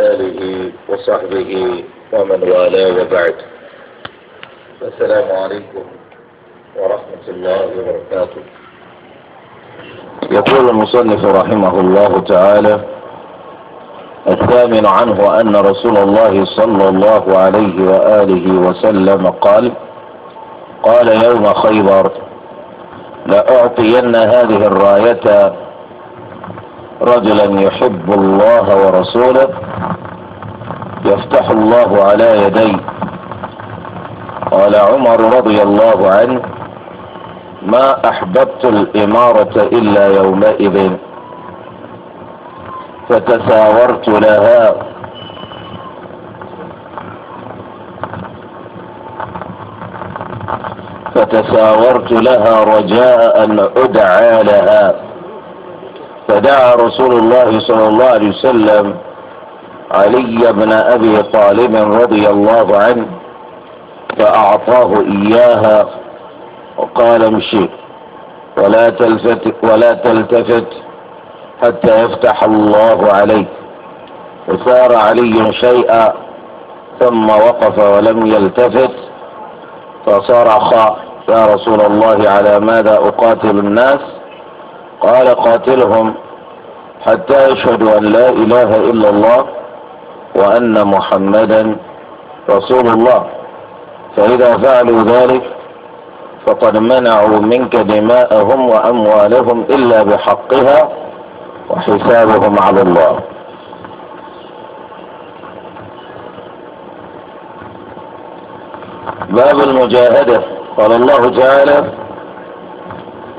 آله وصحبه ومن والاه وبعد السلام عليكم ورحمة الله وبركاته يقول المصنف رحمه الله تعالى الثامن عنه أن رسول الله صلى الله عليه وآله وسلم قال قال يوم خيبر لأعطين هذه الراية رجلا يحب الله ورسوله يفتح الله على يديه قال عمر رضي الله عنه ما احببت الامارة الا يومئذ فتساورت لها فتساورت لها رجاء ان ادعى لها فدعا رسول الله صلى الله عليه وسلم علي بن أبي طالب رضي الله عنه فأعطاه إياها وقال امشي ولا تلتفت ولا تلتفت حتى يفتح الله عليك فسار علي شيئا ثم وقف ولم يلتفت فصرخ يا رسول الله على ماذا أقاتل الناس قال قاتلهم حتى يشهدوا أن لا إله إلا الله وأن محمدا رسول الله فإذا فعلوا ذلك فقد منعوا منك دماءهم وأموالهم إلا بحقها وحسابهم على الله باب المجاهدة قال الله تعالى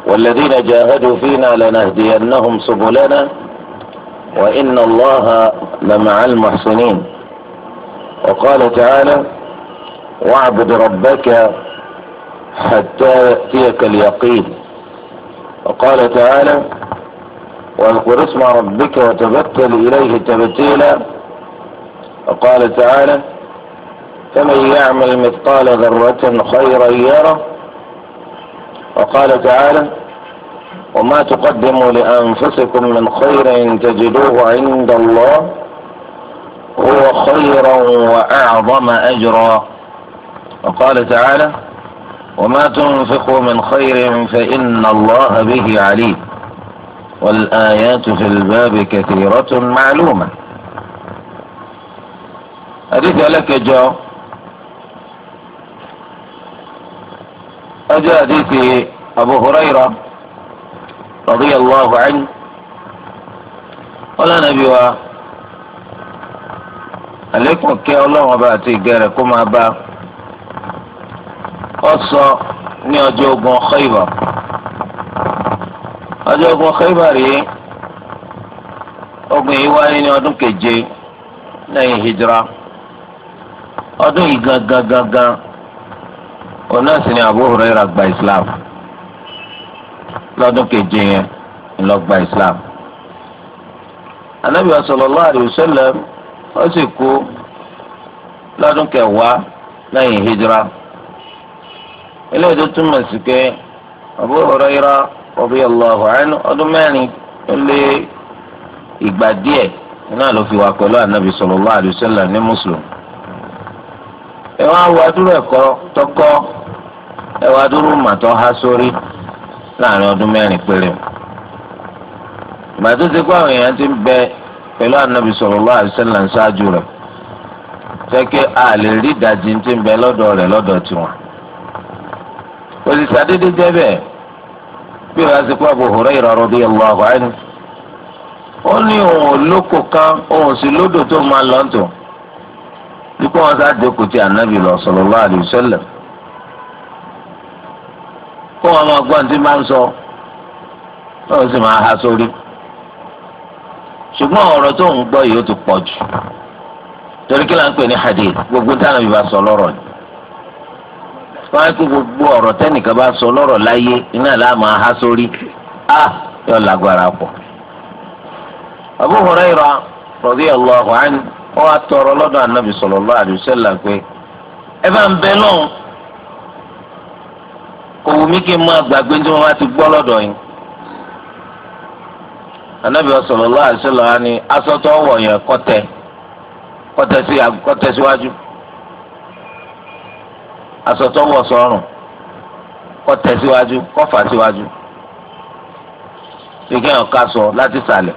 والذين جاهدوا فينا لنهدينهم سبلنا وإن الله لمع المحسنين وقال تعالى واعبد ربك حتى يأتيك اليقين وقال تعالى واذكر اسم ربك وتبتل إليه تبتيلا وقال تعالى فمن يعمل مثقال ذرة خيرا يره وقال تعالى وما تقدموا لأنفسكم من خير تجدوه عند الله هو خيرا وأعظم أجرا وقال تعالى وما تنفقوا من خير فإن الله به عليم والآيات في الباب كثيرة معلومة حديث لك جو ọjọ́ àdéhìí Abu Hurairah radiyallahu anhu ọlọ́nà bí wa àlékún kẹ́ ọlọ́run ọba àti ìgẹ̀rẹ̀ kó máa bá ọ sọ ní ọjọ́ ogun Khaybar ọjọ́ ogun Khaybar rèé ogun yìí wáyé ní ọdún keje lẹ́yìn hijra ọdún yìí gangan gangan. Gan, gan ona náà ni Abu Hurairah gba islam lọ́dún keje yẹn lọ gba islam anabi sallallahu alayhi ó sì kú lọ́dún kẹwàá lẹ́yìn hijra eléyìí tó túmọ̀ sí pé Abu Hurairah radiyallahu anhu ọdún mẹ́rin lé ìgbà ló fi wà pẹ̀lú anabi sallallahu alayhi ní ẹ wá wá ẹ wá dúró màtọ́ há sórí láàrin ọdún mẹ́rin péré ìgbà tó ti kó ti ń bẹ pẹ̀lú ànábì sallallahu alaihi wasallam ṣáájú rẹ̀ tẹ́kẹ́ a lè rí ìdajì ti ń bẹ lọ́dọ̀ rẹ̀ lọ́dọ̀ tiwọn. òṣìṣàdédé jẹ́ bẹ́ẹ̀ bí wàá ti kó ó ní òun kan òun sì lódò tó máa bí kò wọ́n sá lọ kó wọn máa gbọ́ máa ń sọ ó sì máa ha sórí ṣùgbọ́n ọ̀rọ̀ tó ń gbọ́ yìí ó ti pọ̀ jù torí kí là ní hadith gbogbo táwọn ìbá sọ lọ́rọ̀ ni wọ́n á kí gbogbo ọ̀rọ̀ tẹ́nìkan bá sọ lọ́rọ̀ ha sórí á yọ lágbára pọ̀ wọ́n á tọrọ lọ́dọ̀ ẹ bá ń bẹ kò wù mí kí n máa gbàgbé tí wọ́n bá ti gbọ́ lọ́dọ̀ yìí. Ànábì sallallahu alaihi wasallam ni aṣọ tó wọ̀ yẹn kọtẹ kọtẹ sí kọtẹ síwájú aṣọ tó wọ̀ sọ́rùn kọtẹ síwájú kọfà síwájú kí kéèyàn ká sọ láti sàlẹ̀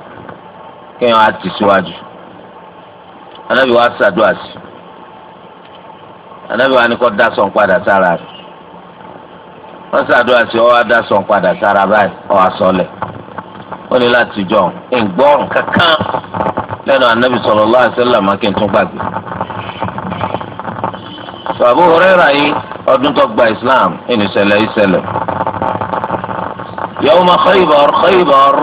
kéèyàn á tì síwájú Ànábì wa ṣàdúrà sí Ànábì wa ni kó dá sọ̀ ń padà sára rẹ̀. wọ́n ṣàdúrà sí ọ adásọ̀ padà sára báyìí ọ àsọlẹ̀ ó ní láti jọ ǹgbọ́n kankan lẹ́nu anabi sallallahu alaihi wasallam kí n tún gbàgbé. Abu Hurairah yìí ọdún tó gba Islam ìníṣẹ̀lẹ̀ ìṣẹ̀lẹ̀. Yawma Khaybar Khaybar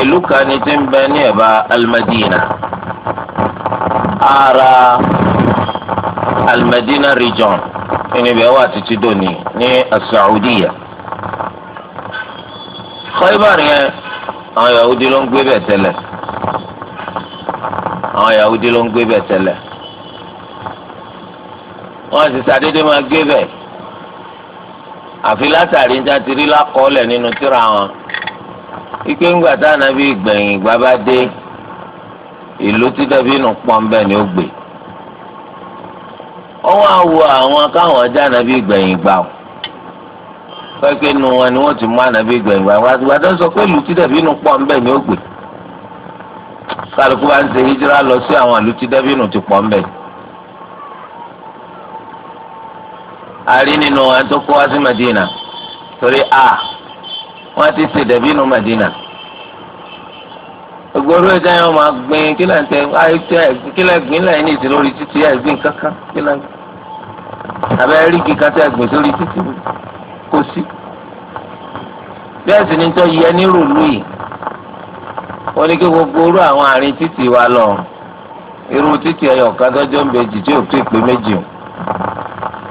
ìlú kan ní ti ń bẹ ní ẹ̀bá al ara almadina region ìníbẹ̀ wà títí dòní ní asaudiya Khaybar yẹn àwọn yahudi ló ń gbé bẹ̀ tẹ́lẹ̀ àwọn yahudi ló ń gbé bẹ̀ tẹ́lẹ̀ wọ́n sì sàdédé máa gbé bẹ̀ àfi látàrí níta ti rí lákọọ́lẹ̀ nínú tírà wọn ike ńgbà tá ànábì gbẹ̀yìn ìgbà bá dé ìlú tí dàbí nù pọ́ńbẹ́ ni ó gbé. Ọnwa awọ àwọn káwọn já nàbí gbẹ̀yìn gbà ó pẹ́pẹ́ nu wọn ni wọ́n ti mú ànàbí gbẹ̀yìn gbà wá àtìgbà tó sọ pé ìlú tí dẹ̀bí nu pọ̀ ńbẹ̀ ni ó gbè kálukú bá ń ṣe hijira lọ sí àwọn ìlú ti pọ̀ a rí nínú wọn tó kó wá sí Madina torí a ti ṣe dẹ̀bí nu Madina gbogbo gbin kí abẹ́rẹ́ rí kíkan tẹ́ gbé sórí títí kò sí. bẹ́ẹ̀ sì ni tó yẹ nírú ìlú yìí ó ní kí gbogbo orú àwọn àárín títì wa lọ irú títì ẹyọ kan tọ́jọ́ ń bejì tí ò tó ìpè méjì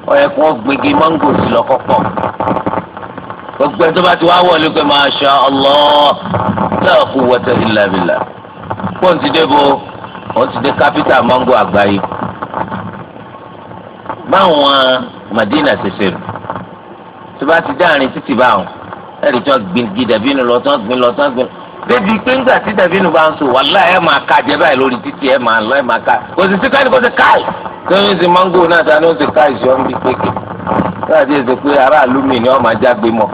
ó yẹ kí wọ́n gbégi máńgò sí lọ́kọ́ pọ̀ gbogbo ẹ tó bá ti wá wọlé pé masha Allah la quwwata illa billah pọ́ǹtì dé wọ́n ti dé kápítà máńgò àgbáyé báwọn Madina ṣe ṣe lò tó bá ti dáàrin títì báwọn ẹ̀rí tó gbingi dàbínú lọ tó gbin lọ tó gbin débi pé ńgbà tí dàbínú bá ń sọ wàhálà ẹ̀ máa ka jẹ báyìí lórí títì ẹ̀ máa lọ ẹ̀ máa ka kò sì sí káyọ̀ kó ti káì tó ń ṣe mango náà ta ni ó ti káì sọ ń bí pékè láti ṣe pé aráàlú mi ni wọ́n máa jágbe mọ́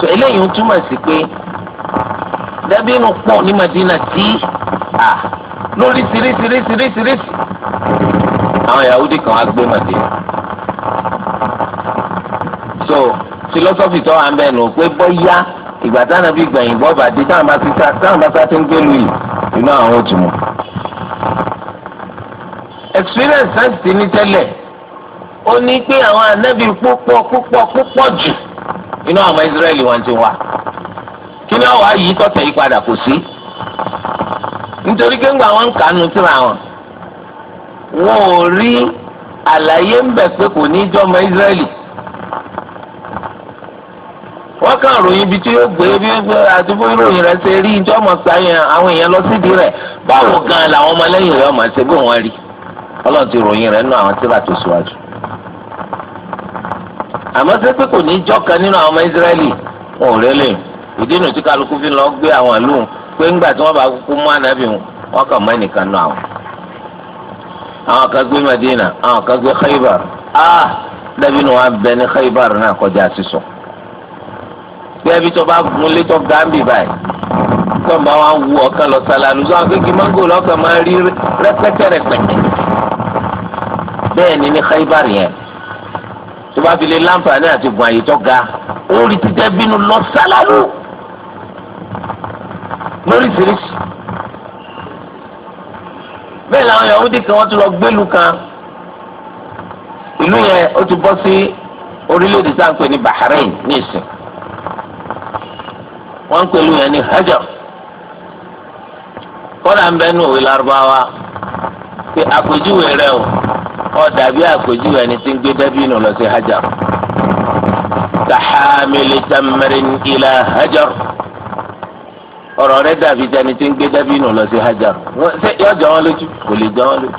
so eléyìí ń túmọ̀ sí pé dàbínù pọ̀ ní Madina tí a lórí sírísírísírísírísí àwọn Yahudi kan á gbé Madina so philosophy tó wà ń bẹ̀ nù pé bóyá ìgbà táwọn bí gbẹ̀yìn bọ́ bàdé táwọn bá ti sá táwọn bá sá ti ń gbé lu yìí inú àwọn ojú mu. experience náà ti ní tẹ́lẹ̀ ó ní pé àwọn anábì púpọ̀ púpọ̀ púpọ̀ jù inú àwọn Israẹli wọn ti wá. kí ni ọwọ́ yìí tọ̀tẹ̀ yìí padà kò sí nítorí pé ńgbà wọn ń kànú síra wọn wọn ò rí àlàyé ń pé kò ní í jọmọ Ísírẹ́lì wọ́n kàn ròyìn ibi tí yóò gbé bí àti bó ròyìn rẹ̀ ṣe rí ìjọ ọmọ báwo gan làwọn ọmọ ṣe bí rí ti ròyìn rẹ nù àwọn tó síwájú. àmọ́ kò ní àwọn ọmọ wọn ò yìí ìdí nu tí kálukú fi lọ gbé àwọn ìlú pé ńgbà tí wọ́n bá kúkú mú ànábì wọn kàn mọ́ ẹnìkan nù àwọn. àwọn kan gbé Madina àwọn kan gbé Khaybar ah dàbí nu wọn bẹ ní Khaybar náà kọjá sísọ. bí ẹbí tó bá fún létọ́ gàmbì báyìí tó ń bá wọn wú ọ̀kan lọ sálálù sọ akéèké mango lọ́kàn máa rí rẹpẹtẹ rẹpẹtẹ. bẹ́ẹ̀ ni ní Khaybar yẹn tó bá fi lè láǹfààní àti gun àyè tó ga ó rí títẹ́ bínú lọ sálálù lóríṣiríṣi bẹ́ẹ̀ làwọn yahudi kan wọ́n tún lọ gbẹ́lu kan ìlú yẹn ó ti bọ́ sí orílẹ̀-èdè tá à ń pè ní Bahrain ní ìsìn wọ́n ń pèlú yẹn ní Hajar kọ́dà ń bẹ́ nù òwe Lárúbáwá pé àpèjúwe rẹ o ó dàbí àpèjúwe ẹni tí ń gbé dàbínù lọ sí Hajar. كحامل تمر إلى هجر ọ̀rọ̀ rẹ dàbí tẹni tí ń gbé dàbínù lọ sí hajar yọ jọ wọn lójú kò lè jọ wọn lójú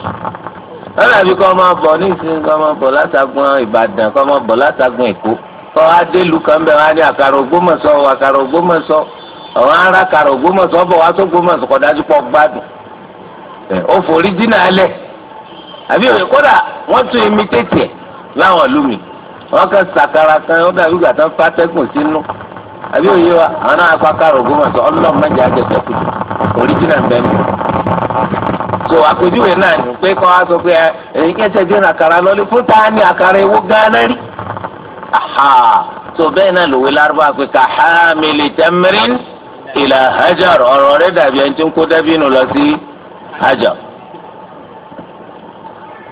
wọn dàbí kọ́ bọ̀ ní ìsinyìí kọ́ bọ̀ látàgùn ìbàdàn kọ́ máa bọ̀ látàgùn èkó kọ́ kan ní àkàrà bọ̀ wá kọ́ dájú pọ̀ gbádùn ó forí dínà àbí kódà wọ́n tún láwọn àbí òye wa àwọn akọ akárò ògùn wọn sọ ọlọ́run mẹ́jọ àjẹsẹ̀ original oríjìnà bẹ́ẹ̀ni. so àpèjúwe náà ní pé kọ́ wa sọ pé èyí kẹsẹ̀ dín fún ta ni àkàrà ewu gánà rí. so bẹ́ẹ̀ náà lòwe lárúbá pé ká hàmìlì tẹ́mìrín ìlà hajar ọ̀rọ̀ rẹ̀ dàbí ẹni tí ń kó lọ sí hajar.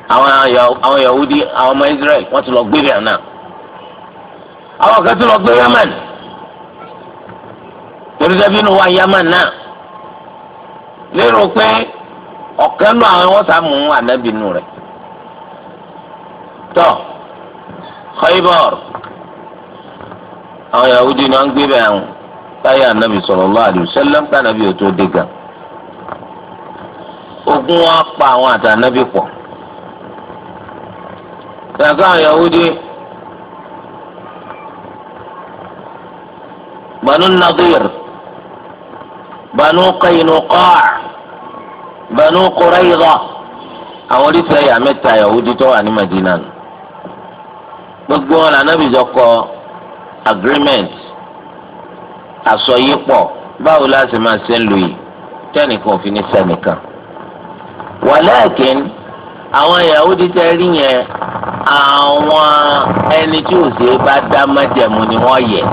àwọn Yahudi àwọn ọmọ Israel wọ́n ti lọ gbé àwọn kan ti lọ gbé torí dẹ́bí inú wa yámà náà lérò pé ọ̀kan náà àwọn wọ́n sá mú ànábì nù rẹ̀ tọ́ Khaybar àwọn Yahudi ni wọ́n ń gbé bẹ́ẹ̀ àwọn táyà ànábì sallallahu alaihi wasallam tànábì ò tó dé gan ogun wa pa àwọn àtànábì pọ̀ gbàgbọ́ àwọn Yahudi. Banu Nadir banu qainuqa' banu qurayza àwọn oríṣi ẹ̀yà mẹ́ta yahudi tó wà ní madina nù gbogbo wọn lànàbì jọ kọ agreement àsọyípọ̀ báwo la ṣe máa ṣe ń lò yìí tẹnìkan òfin ní sẹnìkan wàlẹ́ẹ̀kìn àwọn yahudi tẹ rí yẹn àwọn ẹni tí ò ṣe bá dá májẹ̀mú ni wọ́n yẹ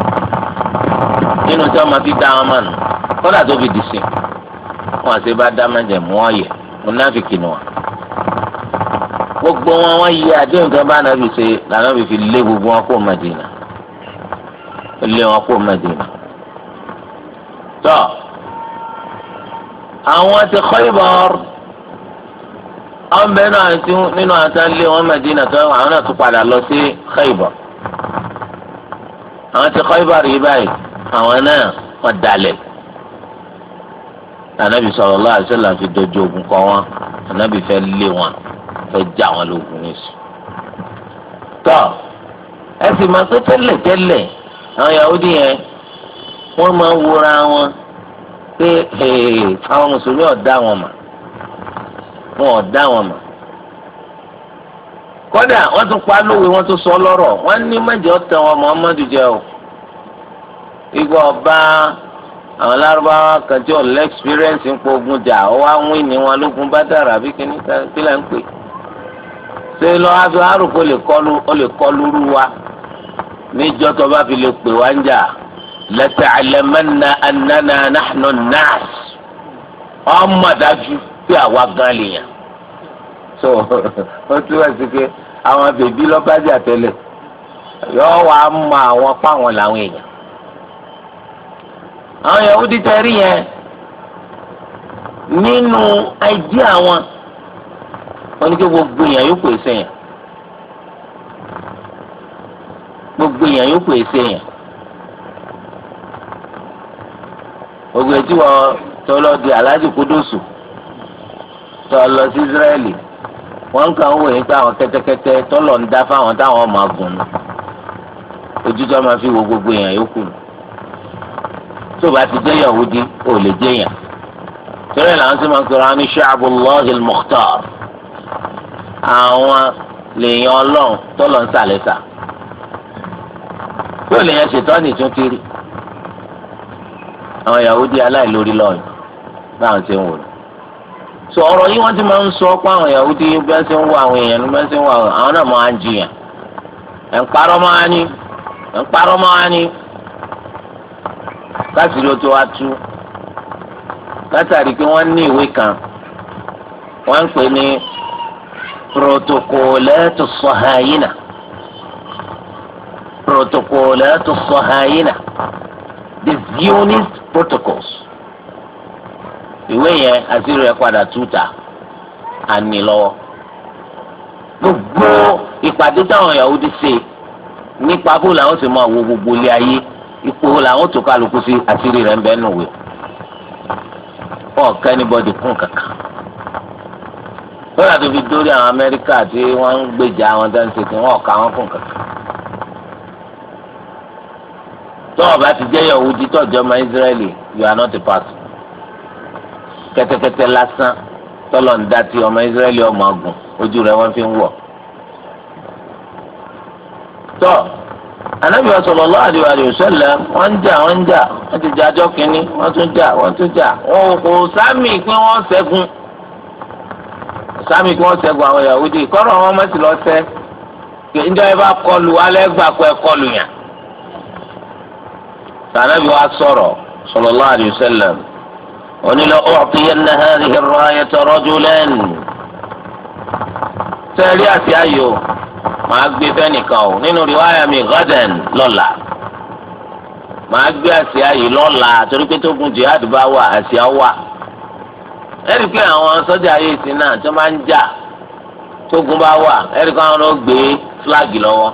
nínú tí wọ́n máa fi dá wọn mọ̀ nù kódà tó fi dì sí wọn àti bá dá máa jẹ mú ọyẹ múnáfìkì ni wọn. gbogbo wọn wọn yí àdéhùn tó bá nàbì ṣe làwọn fi fi lé gbogbo wọn kó Mẹdínà lé wọn kó Mẹdínà. tọ́ àwọn ti Khaybar àwọn bẹ́ẹ̀ náà ti nínú àtàn lé wọn Mẹdínà tó àwọn náà tún padà lọ sí Khaybar àwọn ti Khaybar yìí báyìí. àwọn náà wọ́n dalẹ̀ anabi sallallahu alaihi wasallam fi dojú ogun kọ wọn anabi fẹ́ lé wọn fẹ́ já wọn lógun nísù. tọ́ ẹ sì máa pé tẹ́lẹ̀ tẹ́lẹ̀ àwọn Yahudi yẹn wọ́n máa wúra wọn pé àwọn mùsùlùmí ọ̀dá wọn mà wọn ọ̀dá wọn mà kódà wọ́n tún pa lówe wọ́n tún sọ lọ́rọ̀ wọ́n ní mẹ́jọ tẹ wọn Muhammadu jẹ o. igbó ọba àwọn lárúbáwá kan tí òun lẹ́xpírẹ́ǹsì ń pogun jà ó wá ń wíìnì wọn lógun bá dára bí kíní kílẹ̀ ń pè ṣé lọ́ aṣọ àrùkọ lè kọlu ó lè kọlu rú wa níjọ́ tó bá fi lè pè wá ń jà lata'lamanna annana nahnu an-nas ọmọ dájú pé àwa gan lèèyàn so ó túbọ̀ sí pé àwọn bèbí lọ́bàjà tẹ́lẹ̀ yọ wàá mọ àwọn pàwọn làwọn èèyàn àwọn Yahudi tẹ rí yẹn nínú àìdí àwọn wọn ní kí gbogbo èèyàn yóò kó èsè yẹn gbogbo èèyàn yóò kó èsè yẹn gbogbo ètí wọn tó lọ di aláàjì kúdùsù tó lọ sí Israẹli wọn kàn ń wò yín pé àwọn kẹtẹkẹtẹ tó lọ ń dá fáwọn táwọn máa gùn ojú máa fi wo gbogbo èèyàn yóò kù nù tó bá ti jẹ́ yahudi ò lè jẹ́ yàn torí ẹ̀ làwọn sì máa ń sọ̀rọ̀ àwọn ṣáàbù lọ́ọ̀hìn mọ̀tàr àwọn lèèyàn ọlọ́run tó lọ ń sàlẹ̀sà tó lèèyàn ṣètọ́ nìtún kiri àwọn yahudi aláìlórí lọ́ọ̀yìn báwọn ṣe ń wò lọ so ọ̀rọ̀ yìí wọ́n ti máa ń sọ pé àwọn yahudi bá ṣe ń wọ àwọn èèyàn ní bá ṣe ń wọ àwọn náà máa ń jiyàn ẹ̀ ń parọ́ máa ní ẹ̀ ń parọ́ máa ní káàsìrì ó tó wá tú látàrí pé wọ́n ní ìwé kan wọ́n ń pè ní protokolẹ́tù sọ̀háyínà protokolẹ́tù sọ̀háyínà the zionist protocols ìwé yẹn àṣírí ẹ̀ padà túta àní lọ́wọ́ gbogbo ìpàdé táwọn Yahudi ṣe nípa bó làwọn sì máa wo gbogbo ilé ayé ipò làwọn tó kálukú sí àtìrí rẹ̀ ń bẹ́ nù wẹ̀ ọ̀kẹ́ ní kún kankan lọ́dà tó fi dórí àwọn Amẹ́ríkà tí wọ́n ń gbèjà àwọn dáńtẹ̀ tí wọ́n ọ̀ka wọn kún kankan tọ́wọ́ bá ti jẹ́ Yahudi tọ́jọ́ ọmọ Israẹli you are not a person kẹ́tẹ́kẹ́tẹ́ lásán tọ́lọ̀ ń dá tí ọmọ Israẹli ọmọ ọgùn ojú rẹ̀ wọ́n fi ń wọ̀ tọ́ọ̀ anabi sallallahu alaihi wa sallam wọ́n ń jà wọ́n ń jà wọ́n ti jà ọjọ́ kìíní wọ́n tún jà wọ́n tún jà wọn kò sámì pé wọ́n ṣẹ́gun sámì pé wọ́n ṣẹ́gun àwọn Yahudi kọ́rọ̀ wọn mọ̀ sí lọ sẹ́ ǹjọ́ ẹ bá kọlù alẹ́ gbà pé kọlù yàn. sànàbí wa sọ̀rọ̀ sallallahu alaihi wa sallam onílọ u'tiyanna hadhihi ar-rayata rajulan tẹ́rí àti ayò màá gbé fẹ́nìkan o nínú riwaya mi gọ́dẹ̀n lọ́la màá gbé àsíá yìí lọ́la torí pé tógun jihad bá wà àsíá wà ẹ̀rí pé àwọn sọ́jà yìí sí náà tó máa ń jà tógun bá wà ẹ̀rí kan ló gbé fúláàgì lọ́wọ́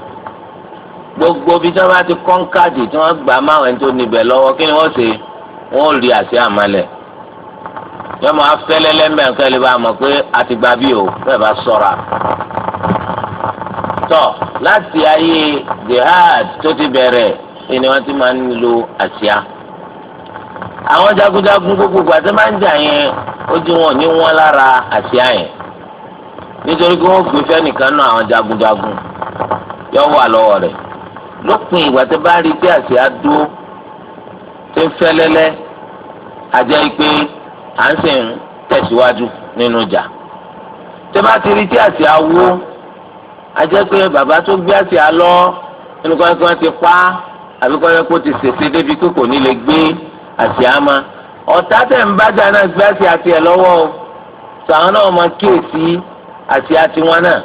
gbogbo bí tí wọ́n bá ti kọ́ńkàdì tí wọ́n gbà máa wẹ̀ tó níbẹ̀ lọ́wọ́ kí ni wọ́n ṣe wọ́n rí àsíá àmàlẹ̀ yọ máa fẹ́lẹ́lẹ́ mẹ́rin kẹ́lẹ́ bá mọ̀ pé àtìgbà bí o bẹ́ẹ̀ bá sọ̀ra tọ̀ láti ayé jihad tó ti bẹ̀rẹ̀ ni wọ́n ti máa ń lo àsíá. àwọn jagunjagun gbogbo àti máa ń jà yẹn ojú wọn ní wọn lára àsíá yẹn nítorí pé wọ́n gbé fẹ́nìkan náà àwọn jagunjagun yọ wà lọ́wọ́ rẹ̀ lópin ìgbà tó bá rí pé àsíá dúró tó ń fẹ́lẹ́lẹ́ àjẹ́ pé à ń sì tẹ̀síwájú nínú ìjà tó bá ti rí tí àsíá wó ajẹ́ pé bàbá tó gbé àti alọ́ ẹnìkan kí wọ́n ti pa àbí kọ́ ẹ kó ti ṣèṣe débi pé kò ní lè gbé àti àmà ọ̀tá tẹ̀ ń bájà náà gbé àti àti ẹ̀ lọ́wọ́ o sàwọn náà máa kíyèsí àti àti wọn náà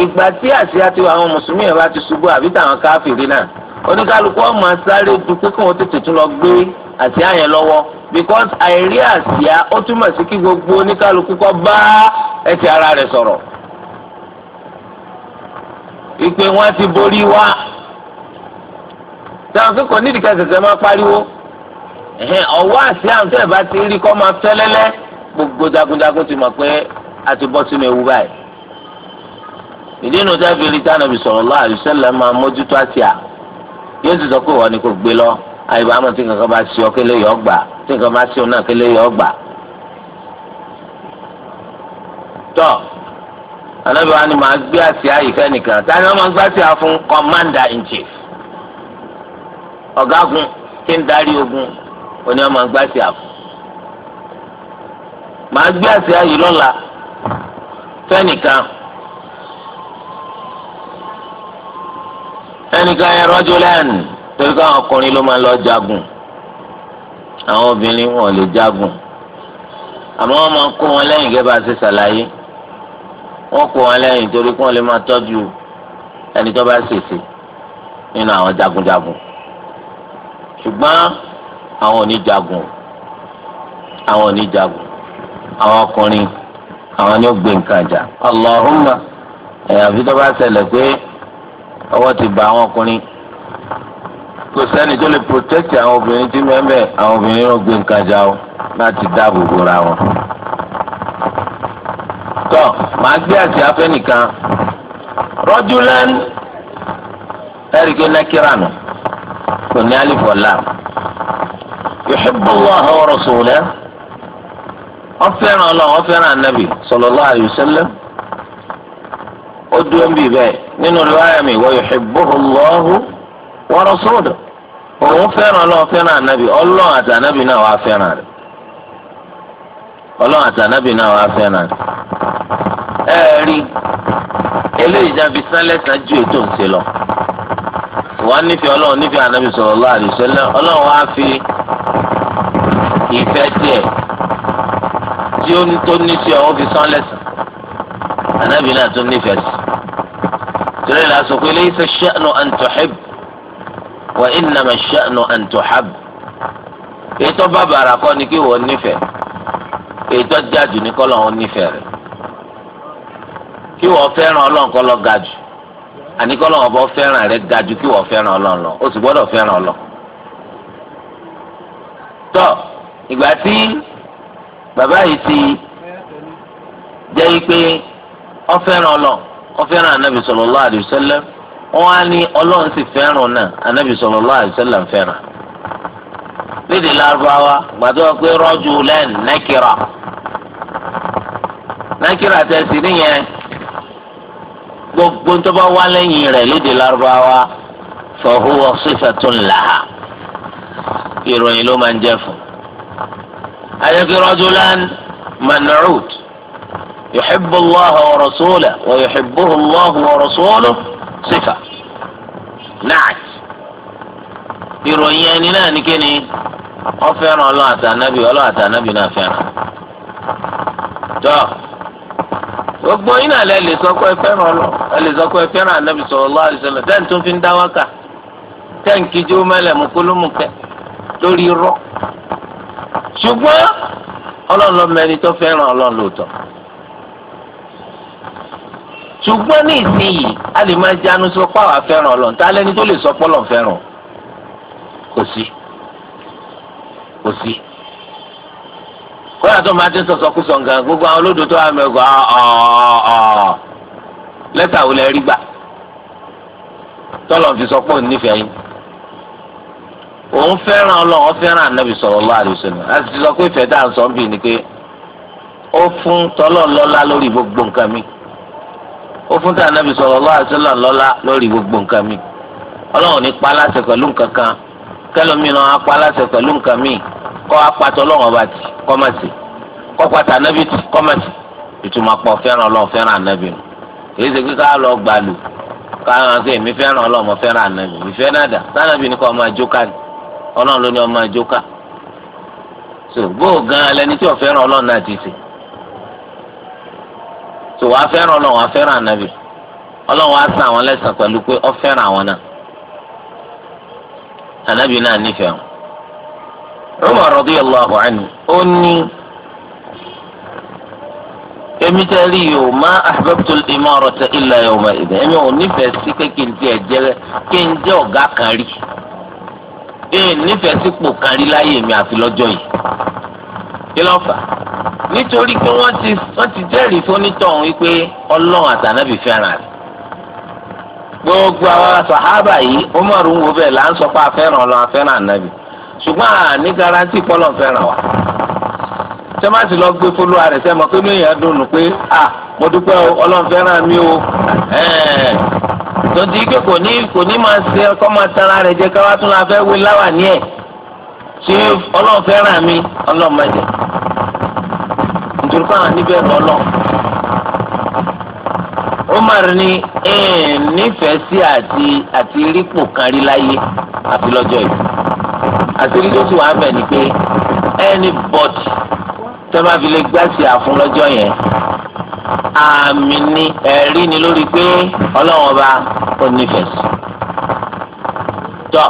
ìgbà tí àti àti àwọn mùsùlùmí ẹ̀ bá ti ṣubú àbí tàwọn káfìrí náà oníkálukú ọmọ sáré dupé kí wọ́n tètè tún lọ gbé àti àyẹn lọ́wọ́ because àìrí àsíá ó túmọ̀ sí kí gbogbo oníkálukú kọ́ bá ẹ̀tì ara rẹ̀ sọ̀rọ̀ ìpè wọn ti borí wa táwọn akẹ́kọ̀ọ́ nídìí ká tẹ̀tẹ̀ máa pariwo ọwọ́ àti àǹtẹ̀ bá ti rí kọ́ máa fẹ́lẹ́lẹ́ gbogbo jagunjagun ti mọ̀ pé a ti bọ́ sínú ewu báyìí ìdí inú tẹ́ fi rí tí Ànábì sallallahu alaihi wasallam máa mójútó àṣìá yóò sì sọ pé wọ́n ni kò gbé lọ àyùbá àmọ́ tí nǹkan bá ṣe ọ kélé yọ ọgbà tí nǹkan bá ṣe ọ náà kélé yọ ọgbà anabi wa ni màá gbé àsíá yìí fẹ́nìkan tani wọ́n máa ń gbé àsíá fún commander in chief ọ̀gágun tí ń darí ogun oní ọmọ gbé àsíá fún màá gbé àsíá yìí lọ́la fẹ́nìkan ẹnìkan yẹn rọ́jò lẹ́nu torí káwọn ọkùnrin ló máa lọ jagun àwọn obìnrin wọn ò lè jagun àmọ́ wọ́n máa kó wọn lẹ́yìn gẹ́gẹ́ bá a ṣe ṣàlàyé. wọ́n kó wọn lẹ́yìn torí kí wọ́n lè máa ẹni tó bá ṣèṣe nínú àwọn jagunjagun ṣùgbọ́n àwọn oníjagun àwọn oníjagun àwọn ọkùnrin àwọn ni ó gbé nǹkan jà tó bá ti bá àwọn ọkùnrin kò tó lè protect àwọn obìnrin tí àwọn obìnrin gbé wọn. màá gbé àti afẹ́ nìkan rọ́júlán ẹ̀ríkì nàkírànù kò ní àlìfọ̀lá yuhibbullaha wa rasulahu wọ́n fẹ́ràn ọlọ́run wọ́n fẹ́ràn ànábì sallallahu alayhi wa sallam ó dúró ń bì bẹ́ẹ̀ nínú riwaya mi wa yuhibbuhullahu wa rasuluhu òun fẹ́ràn ọlọ́run fẹ́ràn ànábì ọlọ́run àti ànábì náà wàá fẹ́ràn rẹ̀ ọlọ́run àti ànábì náà wàá fẹ́ràn. ẹ rí eléyìí jábí sálẹ̀sán ju ètò ń ṣe lọ. wọ́n nífẹ̀ẹ́ ọlọ́run nífẹ̀ẹ́ ànábì sallallahu alaihi wasallam ọlọ́run wàá fi ìfẹ́ tiẹ̀ tí ó tó ní sí ọwọ́ fi sánlẹ̀sán ànábì náà tó nífẹ̀ẹ́ sí. torí la sọ pé laysa ash-sha'nu an tuhib wa innama ash ètò jáde ní kọ́lọ̀ ọ̀hún nífẹ̀ẹ́ rẹ̀ kí wọ́n fẹ́ràn ọlọ́run kọ́ lọ ga jù àní kọ́lọ̀ ọ̀hún bọ́ fẹ́ràn rẹ̀ ga jù kí wọ́n fẹ́ràn ọlọ́run lọ o sì gbọ́dọ̀ fẹ́ràn ọlọ́run. tọ́ ìgbà tí bàbá yìí ti jẹ́ pé ó fẹ́ràn ọlọ́run ó fẹ́ràn anábì sallallahu alaihi wasallam wọ́n á ní ọlọ́run sì fẹ́ràn náà anábì sallallahu alaihi wasallam fẹ́ràn. lédè lárúbáwá gbàdúrà wọn pé rọ́jò lẹ́nu nàkírà nàkírà tẹ̀sí nìyẹn gbogbo tó bá wá lẹ́yìn rẹ̀ lédè lárúbáwá fọ̀húwọ́ sífẹ̀tún làhà ìròyìn ló máa ń jẹ́ fún. ayọ̀kí rọ́jò lẹ́nu man'ud yuhibbu allah wa rasulahu wa yuhibbuhu allah wa sífà náà. ìròyìn ẹni náà ní kíni wọ́n fẹ́ràn ọlọ́run àtànábì ọlọ́run náà gbogbo yín náà lè sọ pé fẹ́ràn ọlọ́run ẹ lè sọ pé fẹ́ràn ànábì tẹ́ǹ tó fi ń dá wákà tẹ́ǹ kíjú mẹ́lẹ̀ mú kólómùkẹ́ lórí irọ́. ṣùgbọ́n tó lóòótọ́ ṣùgbọ́n ní ìsinyìí a lè máa kò sí kò sí kóyà tó máa ti sọ̀sọ̀ kú sọ̀ǹgà gbogbo àwọn olódò tó wà mẹ́kọ̀ọ́ ọ̀ọ̀ lẹ́tà wo lẹ rí gbà tọ́lọ̀ fi sọ pé òun nífẹ̀ẹ́ yín òun fẹ́ràn ọlọ́run fẹ́ràn ànábì sallallahu alaihi wasallam láti sọ pé ìfẹ́ dáhùn sọ́ńbì ni pé ó fún tọ́lọ̀ lọ́lá lórí gbogbo nǹkan mi ó fún tànábì sallallahu alaihi wasallam lọ́lá lórí gbogbo nǹkan mi ọlọ́run ní pa láṣẹ pẹ̀lú nǹkan kan kẹlòmínà apá aláṣẹ pẹ̀lú nǹkan míì k'ọ bá ti ti ìtumọ̀ fẹ́ràn fẹ́ràn nù ṣe káwọn fẹ́ràn fẹ́ràn ni kọ́ ọmọ àjọká ni ọlọ́run ló ọmọ àjọká so bó gan alẹ́ni tí ò fẹ́ràn ọlọ́run náà ti ṣe so wàá fẹ́ràn ọlọ́run wàá fẹ́ràn ànábì anabi náà nífẹ̀ẹ́ wọn. Umar radiyallahu anhu ó ní èmi tẹ́ rí yìí o ma ahbabtu al-imarata illa yawma idhin èmi ò nífẹ̀ẹ́ sí pé kí n tiẹ̀ jẹ́ kí n jẹ́ ọ̀gá kan rí èmi nífẹ̀ẹ́ sípò kan rí láyé mi àfi lọ́jọ́ yìí kí ló fà nítorí pé wọ́n ti jẹ́rìí fónítọ̀ wípé ọlọ́run àtànábì fẹ́ràn rẹ̀ gbogbo àwọn sàhábà yìí Umar ń wo bẹ́ẹ̀ là ń sọ pé afẹ́ràn ọlọ́run afẹ́ràn ànábì ṣùgbọ́n àní garanti fẹ́ràn wa lọ gbé fúlùwà rẹ̀ sẹ́mọ̀ pé méèyàn dùnú pé à mo dúpẹ́ ọlọ́run fẹ́ràn o tonti ike kò ní kò ní máa ṣe ọkọ máa jẹ tún la fẹ́ ní ẹ̀ ṣé ọlọ́run fẹ́ràn mi ọlọ́run Umar ní nífẹ̀ẹ́ sí àti àti rípò kan rí láyé àti lọ́jọ́ yìí àṣírí tó sì wà bẹ̀ ni pé ẹni bọ́tì tó bá fi lè gbàsí àfún lọ́jọ́ yẹn àmì ni ẹ̀rí ni lórí pé ọlọ́run ọba ó nífẹ̀ẹ́ sí. tọ́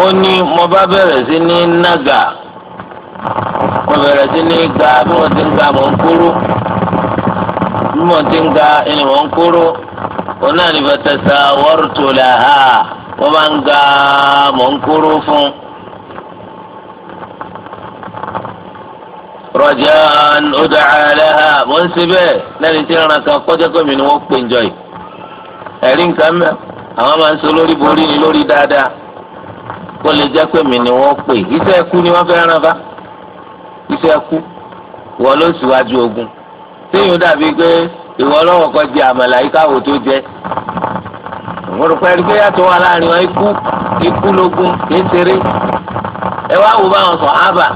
ó ní mo bá bẹ̀rẹ̀ sí ní nága mo bẹ̀rẹ̀ sí ní gba bí wọ́n ti ń gba mọ̀ ń kúrú mímọ̀ tí ń ga ẹni wọ́n ń kúrò òun náà ní bàtàtà wọ́rùtò là ha wọ́n máa ń ga mọ̀ ń kúrò fún. rọjá ọdọ àlẹ́ ha mò ń ṣe bẹ́ẹ̀ lẹ́ni tí ìran kan kọjá gómìn ni wọ́n pè jọ yìí. ẹ̀rí nǹkan mẹ́ àwọn máa ń sọ lórí borí ni lórí dáadáa kó lè jẹ́ pé mi ni wọ́n pè iṣẹ́ ẹkú ni wọ́n fẹ́ bá iṣẹ́ ẹkú wọ́n ló síwájú ogun tíyìn ó dàbí pé ìwọ ọlọ́wọ́ kan jẹ àmàlà yìí káwò tó jẹ wọn rò pé ẹgbẹ́ yàtọ̀ wà láàrin wọn ikú ikú lógún kékeré ẹ wá wò báwọn sọ ábà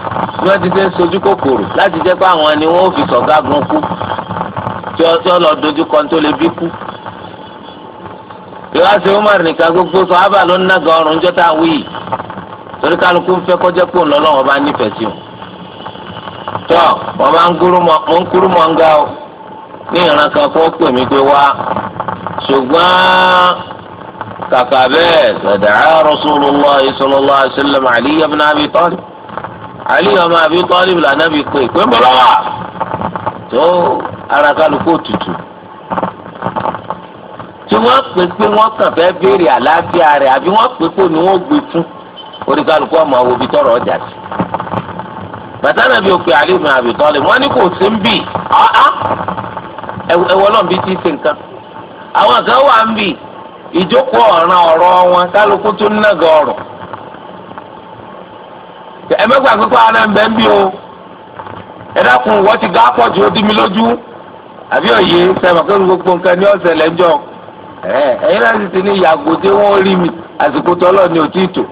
bí wọn ti ṣe ń sojú kòkòrò láti jẹ pé àwọn ni wọn ò fi sọgágun kú tí ọ tí ọ lọ dojú kan tó lè bí kú ìwáṣẹ Umar nìkan gbogbo sọ ábà ló ń nàgà ọrùn jọta wíì torí kálukú ń fẹ́ kọjá pò ńlọ́lọ́wọ́ bá nífẹ̀ẹ́ sí wọn. tọ́ wọ́n máa ń kúrú mọ́ ń kúrú mọ́ ń o ní ìran kan kó pè mí pé wá ṣùgbọ́n kàkà bẹ́ẹ̀ Ali ibn Abi Talib Ali ọmọ Abi Talib lànà bí pé pé mo lọ́wọ́ tó ara kálukú tí wọ́n pè pé wọ́n kàn fẹ́ béèrè àlàáfíà rẹ̀ àbí wọ́n pè ọjà sí. bàtà nàbí òkè àlè mi àbí tọ́lẹ̀ wọ́n ní kò sí ń bì áá ẹ̀wọ́ náà bí ti ṣe nǹkan. àwọn kan wà ń bì ìjókòó ọ̀ràn ọ̀rọ̀ wọn kálukú tó ń nàgà ọ̀rọ̀. ara ń bẹ́ ń bí o ẹ dákun wọ́n ti gá pọ̀ jù ó mi lójú àbí òye sẹ́wọ̀n kẹ́rù gbogbo nǹkan ní ọ̀sẹ̀ lẹ́jọ́ náà sì ti ní ìyàgò tí wọ́n rí mi àsìkò tọ́lọ́ ni ò tí ì tò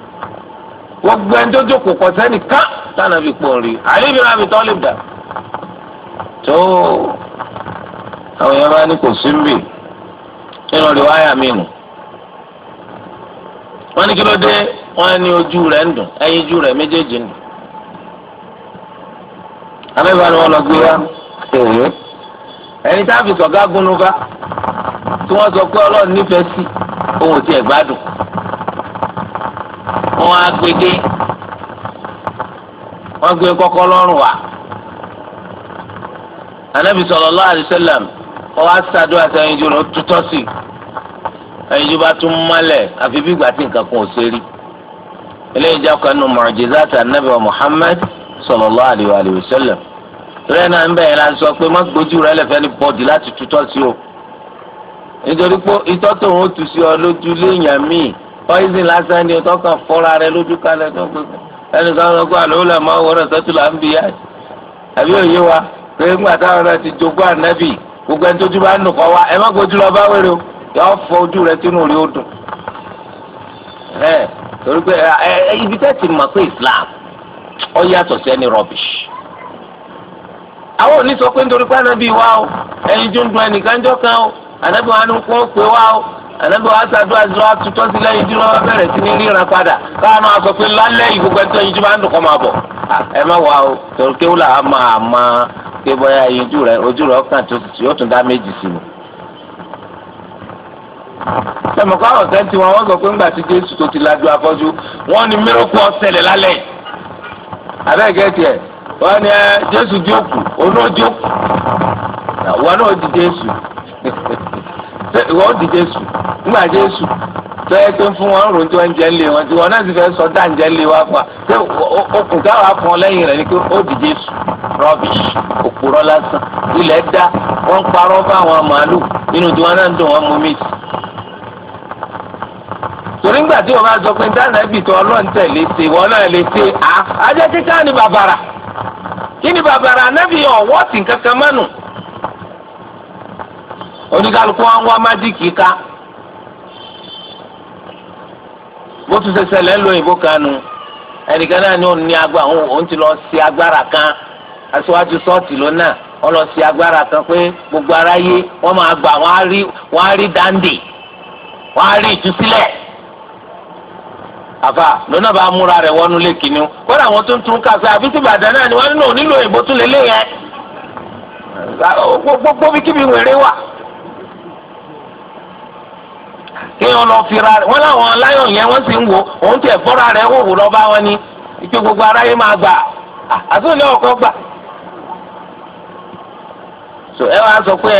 wọ́n tánà fi pọ̀ rí àlébí rà mí tọ́ lè dà tó àwọn èèyàn bá ní kò sí mbì nínú rí wáyà mi nù wọ́n ní kí ló dé wọ́n ní ojú rẹ̀ ń dùn ẹyin ojú rẹ̀ méjèèjì ń dùn àmẹ́fà ni wọ́n lọ gbé wá ẹni tá a fi sọ̀gá gúnúgá tí wọ́n sọ pé ọlọ́run nífẹ̀ẹ́ sí ohun tí ẹ̀ gbádùn wọ́n á gbé dé wọ́n gbé kọ́kọ́ lọ́rùn wa. anabi sallallahu alaihi wasallam ọwọ́ asàdúrà sí ẹyinjú rẹ̀ ó tutọ́ sí i ẹyinjú bá tún mọ́lẹ̀ àfi bí ìgbà tí nǹkan kan ò ṣe rí. eléyìí jẹ́ ọ̀kan nù mu'jizat anabi wa muhammad sallallahu alaihi wasallam. rẹ̀ náà ń bẹ̀rẹ̀ láti sọ pé má gbójú rẹ̀ lẹ́fẹ̀ẹ́ ní bọ́ọ̀dì láti tutọ́ sí o nítorí pé itọ́ tó ń tu sí ọ lójú léèyàn míì poison lásán ni ọtọ́ kan fọ́ra rẹ lójú kalẹ̀ tó gbẹgbẹ́. ẹnì kan sọ pé àlùhùlà máa wọ̀rọ̀ sẹ́tùlà ń bi yá àbí òye wa pé ńgbà táwọn náà ti jogún ànábì gbogbo ẹni tójú bá nù kọ́ wa ẹ má gbójú lọ bá wéré o yọ fọ ojú rẹ tínú rí o dùn ẹ torí pé ẹ ibi ti pé Islam ọ rubbish àwọn òní sọ pé nítorí pé ànábì wa ànábì wa sàdúrà sí wa tutọ́ sí lẹ́yìn tí wọ́n bẹ̀rẹ̀ sí ní ríran padà káwọn náà sọ pé lálẹ́ ìgbógbó ẹjọ́ yìí tó bá ń dùn kọ́ máa bọ̀ ẹ má wà o tòun kéwù là á máa ma pé bóyá ojú rẹ ojú rẹ ọkàn tó ti yóò tún dá méjì sí mi. sọmọ kọ́ àwọn sẹ́ńtì wọn wọ́n sọ pé ńgbà tí Jésù tó ti lajú afọ́jú wọ́n ní míròkù ọ̀sẹ̀lẹ̀ lálẹ́ abẹ́gẹ́ tiẹ̀ wọ́n ní Jésù jókòó onú jókòó wọn náà di Jésù ìwọ di jésù nígbà jésù tọ́yẹ pé fún wọn rò tí wọ́n jẹ́ wọn tí wọn náà sọ dá jẹ́ lé fún wa okùn fún ọ rẹ̀ ni kí ó di jésù rubbish òpùrọ̀ lásán dá màálù nínú tí náà ń dùn mú torí ńgbà tí bá sọ pé dáná tó ọlọ́run tẹ̀lé ṣe náà lè ṣe ah, ajẹ́ kíkà ni bàbàrà kí oníkálukú wọn wá májíkì ká bó tún ṣe ṣẹlẹ̀ ló ìbò kanu ẹnìkan náà ni òun ní agbára òun ti lọ sí agbára kan aṣíwájú sọ́ọ̀tì lónà wọ́n lọ sí agbára kan pé gbogbo aráyé wọ́n máa gbà wọ́n á rí wọ́n á rí dáńdè wọ́n á rí ìtúsílẹ̀ àfà lónà bá múra rẹ̀ wọnú lé kinu kódà wọ́n tún tún kà sí àbí bàdàn náà ni wọ́n nínú ònílò ìbò tún lélẹ̀ yẹn gbogbo bíkíbi wèrè wà. kéèyàn lọ wọn láwọn láyọ̀ yẹn wọ́n sì ń wò òun tẹ̀ fọ́ra rẹ̀ wò wò lọba wọn ni ike gbogbo aráyé máa gbà àtúnlẹ̀ ọkọ̀ gbà. so ẹ sọ pé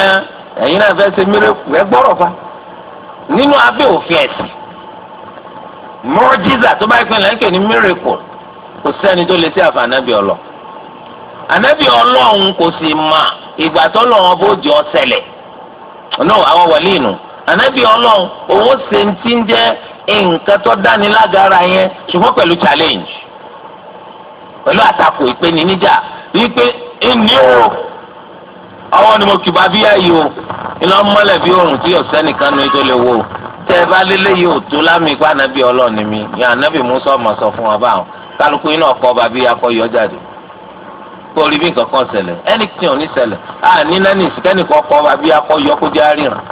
ẹ̀yin náà fẹ́ ṣe mírèkù ẹ fa nínú abẹ́ òfin tó bá ní kò ọlọ ànábì kò sì mà ìgbà tó bó jọ ànábì ọlọ́run òun ṣe ń ti ń jẹ́ nǹkan tó dáni lágara yẹn ṣùgbọ́n pẹ̀lú challenge pẹ̀lú àtakò ìpeni níjà wípé ẹni o ọwọ́ ni mo kì bá bí ayé o iná mọ́lẹ̀ bí oòrùn tí yóò sẹ́nìkan nu ètò lè wò tẹ́ ẹ bá lélẹ̀ yìí tó lámì ipá ànábì ọlọ́run ni mi ni ànábì Mùsá ọmọ sọ fún wa báwọn kálukú iná ọkọ̀ bá bí akọ yọ jáde kó rí bí nǹkan kan ṣẹlẹ̀ ẹnì tí ò ní ṣẹlẹ̀ à ní nání ìsìkẹ́nìkan ọkọ̀ bá bí akọ yọ kó jẹ́ àríran.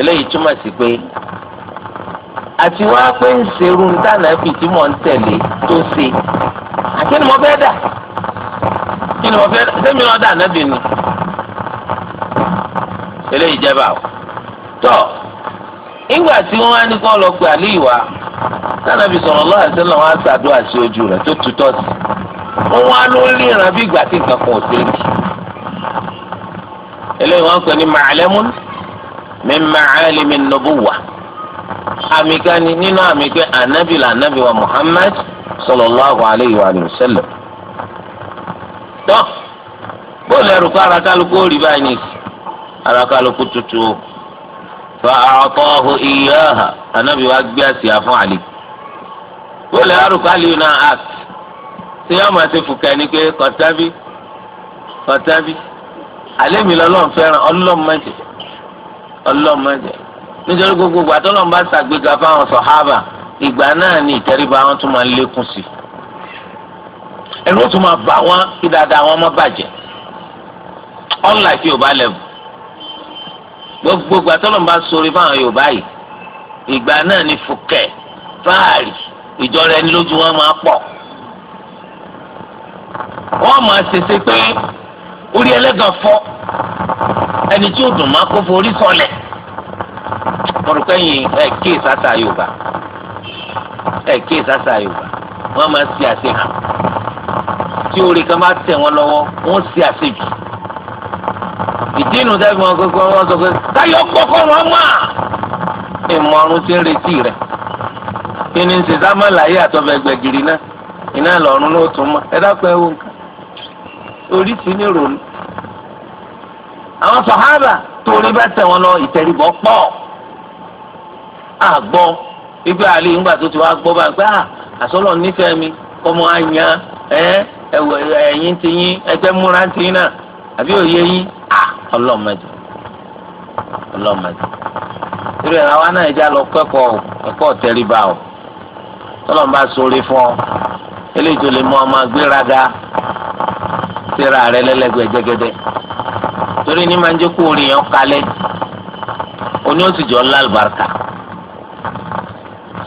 eléyìí túmọ̀ sí pé àti wá pé ń serú ń dáná bí tí mò ń tẹ̀lé tó ṣe àti ni mo fẹ́ dà ni mo fẹ́ dà sẹ́mi náà dáná bí ni eléyìí jẹba o tọ ìgbà tí wọn á ní kó lọ pé àlè ìwà dáná bí sọ̀rọ̀ lọ́wọ́ àti sẹ́lẹ̀ wọn á ojú min ma'alimi nubuwa àmì kan ni nínú àmì pé anabi la anabi wa muhammad sallallahu alayhi wa sallam. tọ́ bóòlù ẹrù kọ́ ara kálukú ó rí báyìí ní ara kálukú tutù fa àtọ́hu iyáha anabi wa gbé àsìá fún àlè. bóòlù ẹrù kọ́ àlè náà act ṣé yóò máa ṣe fùkẹ́ ni pé kọ́tàbí kọ́tàbí àlè mi lọ́lọ́run fẹ́ràn ọlọ́run ọlọ́mọdé nítorí gbogbo ìgbà tó lọ́n bá ṣàgbéga fáwọn sọ̀hábà ìgbà náà ni ìtẹríba wọn tún máa ń lékún sí i ẹnu tún máa bà wọn kí dáadáa wọn má bàjẹ́ unlike yorùbá level gbogbo ìgbà tó lọ́n bá sori fáwọn yorùbá yìí ìgbà náà ni fùkẹ́ fáàrí ìjọra ẹni lójú wọn máa pọ̀ wọ́n máa ṣèṣe pé orí ẹlẹ́gàn fọ́ ẹni tí ó dùn máa kó forí sọlẹ̀ mọ̀rùkẹ́yìn ẹ̀ kíì sáta yorùbá ẹ̀ kíì sáta yorùbá wọ́n máa ń ṣe àṣehàn tí orí kan bá tẹ̀ wọ́n lọ́wọ́ wọ́n ṣe àṣejù ìdí inú tẹ́lifí wọn kọ́kọ́ wọn sọ pé táyọ̀ kọ́kọ́ wọn mọ́ à ìmọ̀ọ́rùn ti ń retí rẹ̀ kí ni ṣe sá máa láyé àtọ́fẹ́gbẹ̀gìrì náà iná lọ́rùn ló tún mọ́ ẹ dákun ẹ wo nǹkan. oríṣi ní ròlù àwọn fahaba torí bá wọn lọ ìtẹ̀ríbọ̀ pọ̀ àgbọ̀ ibi àlè ńgbà tó ti wá gbọ́ bá à ah, àsọlọ̀ mi kọ́mọ àyàn ẹ̀yìn ti yín ẹgbẹ́ múra ti yín náà àbí òye yín ọlọ́mọdé ọlọ́mọdé irú ẹ̀ àwa náà ẹja lọ ẹ̀kọ́ tẹríba o tọ́lọ́mọba sórí fún ọ lè mú ọmọ gbéraga tẹ́ra rẹ lẹ́lẹ́gbẹ̀ẹ́ jẹ́gẹ́dẹ́ torí ní máa ń jẹ́ kó orin yẹn kalẹ̀ oní òsìjọ́ ńlá àlùbáríkà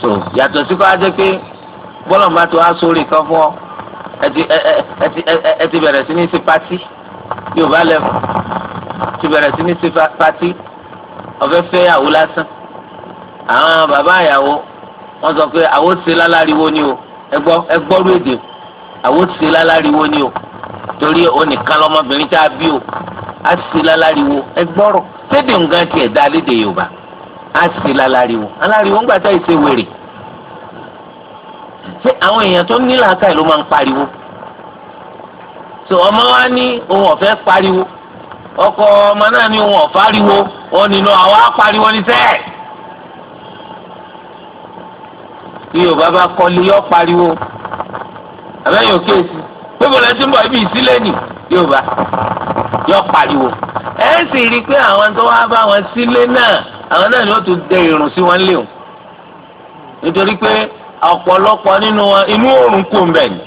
so yàtọ̀ sí kó ajẹ́ pé bọ́lọ̀ bá tó aṣọ́rí kan fún ọ ẹ ti bẹ̀rẹ̀ sí ní ṣe pátí yóò bá lẹ́fọ̀ ti bẹ̀rẹ̀ sí ní ṣe pátí ọ̀fẹ́ fẹ́ yàwó lásán àwọn bàbá àyàwó wọ́n sọ pé àwọn ṣe lálàríwó ni o ẹgbọ́rú èdè àwọn ṣe lálàríwó ni o torí onìkan lọmọbìnrin tá a bí o a sì lálàriwo ẹ gbọ́rọ̀ sédè nǹkan tiẹ̀ dá léde yorùbá a sì lálàriwo aláriwo ń gbàtà ìṣe wèrè ṣé àwọn èèyàn tó ní làákàyè ló máa ń pariwo so ọmọ wa ní òun ọ̀fẹ́ pariwo ọkọ ọmọ náà ní òun ọ̀fáriwo òun nínú àwa pariwo ní sẹ́ẹ̀. bí yorùbá bá kọ́lé yọ pariwo àbẹ́yìn òkèèsì. gbogbo lẹ́sí ń bọ̀ ibi ìsílẹ̀ nì yóò bá yọ pariwo ẹ sì rí i pé àwọn tó wá bá wọn sílé náà àwọn náà wọn léwu nítorí pé ọ̀pọ̀lọpọ̀ nínú wọn inú òórùn ń bẹ̀ ni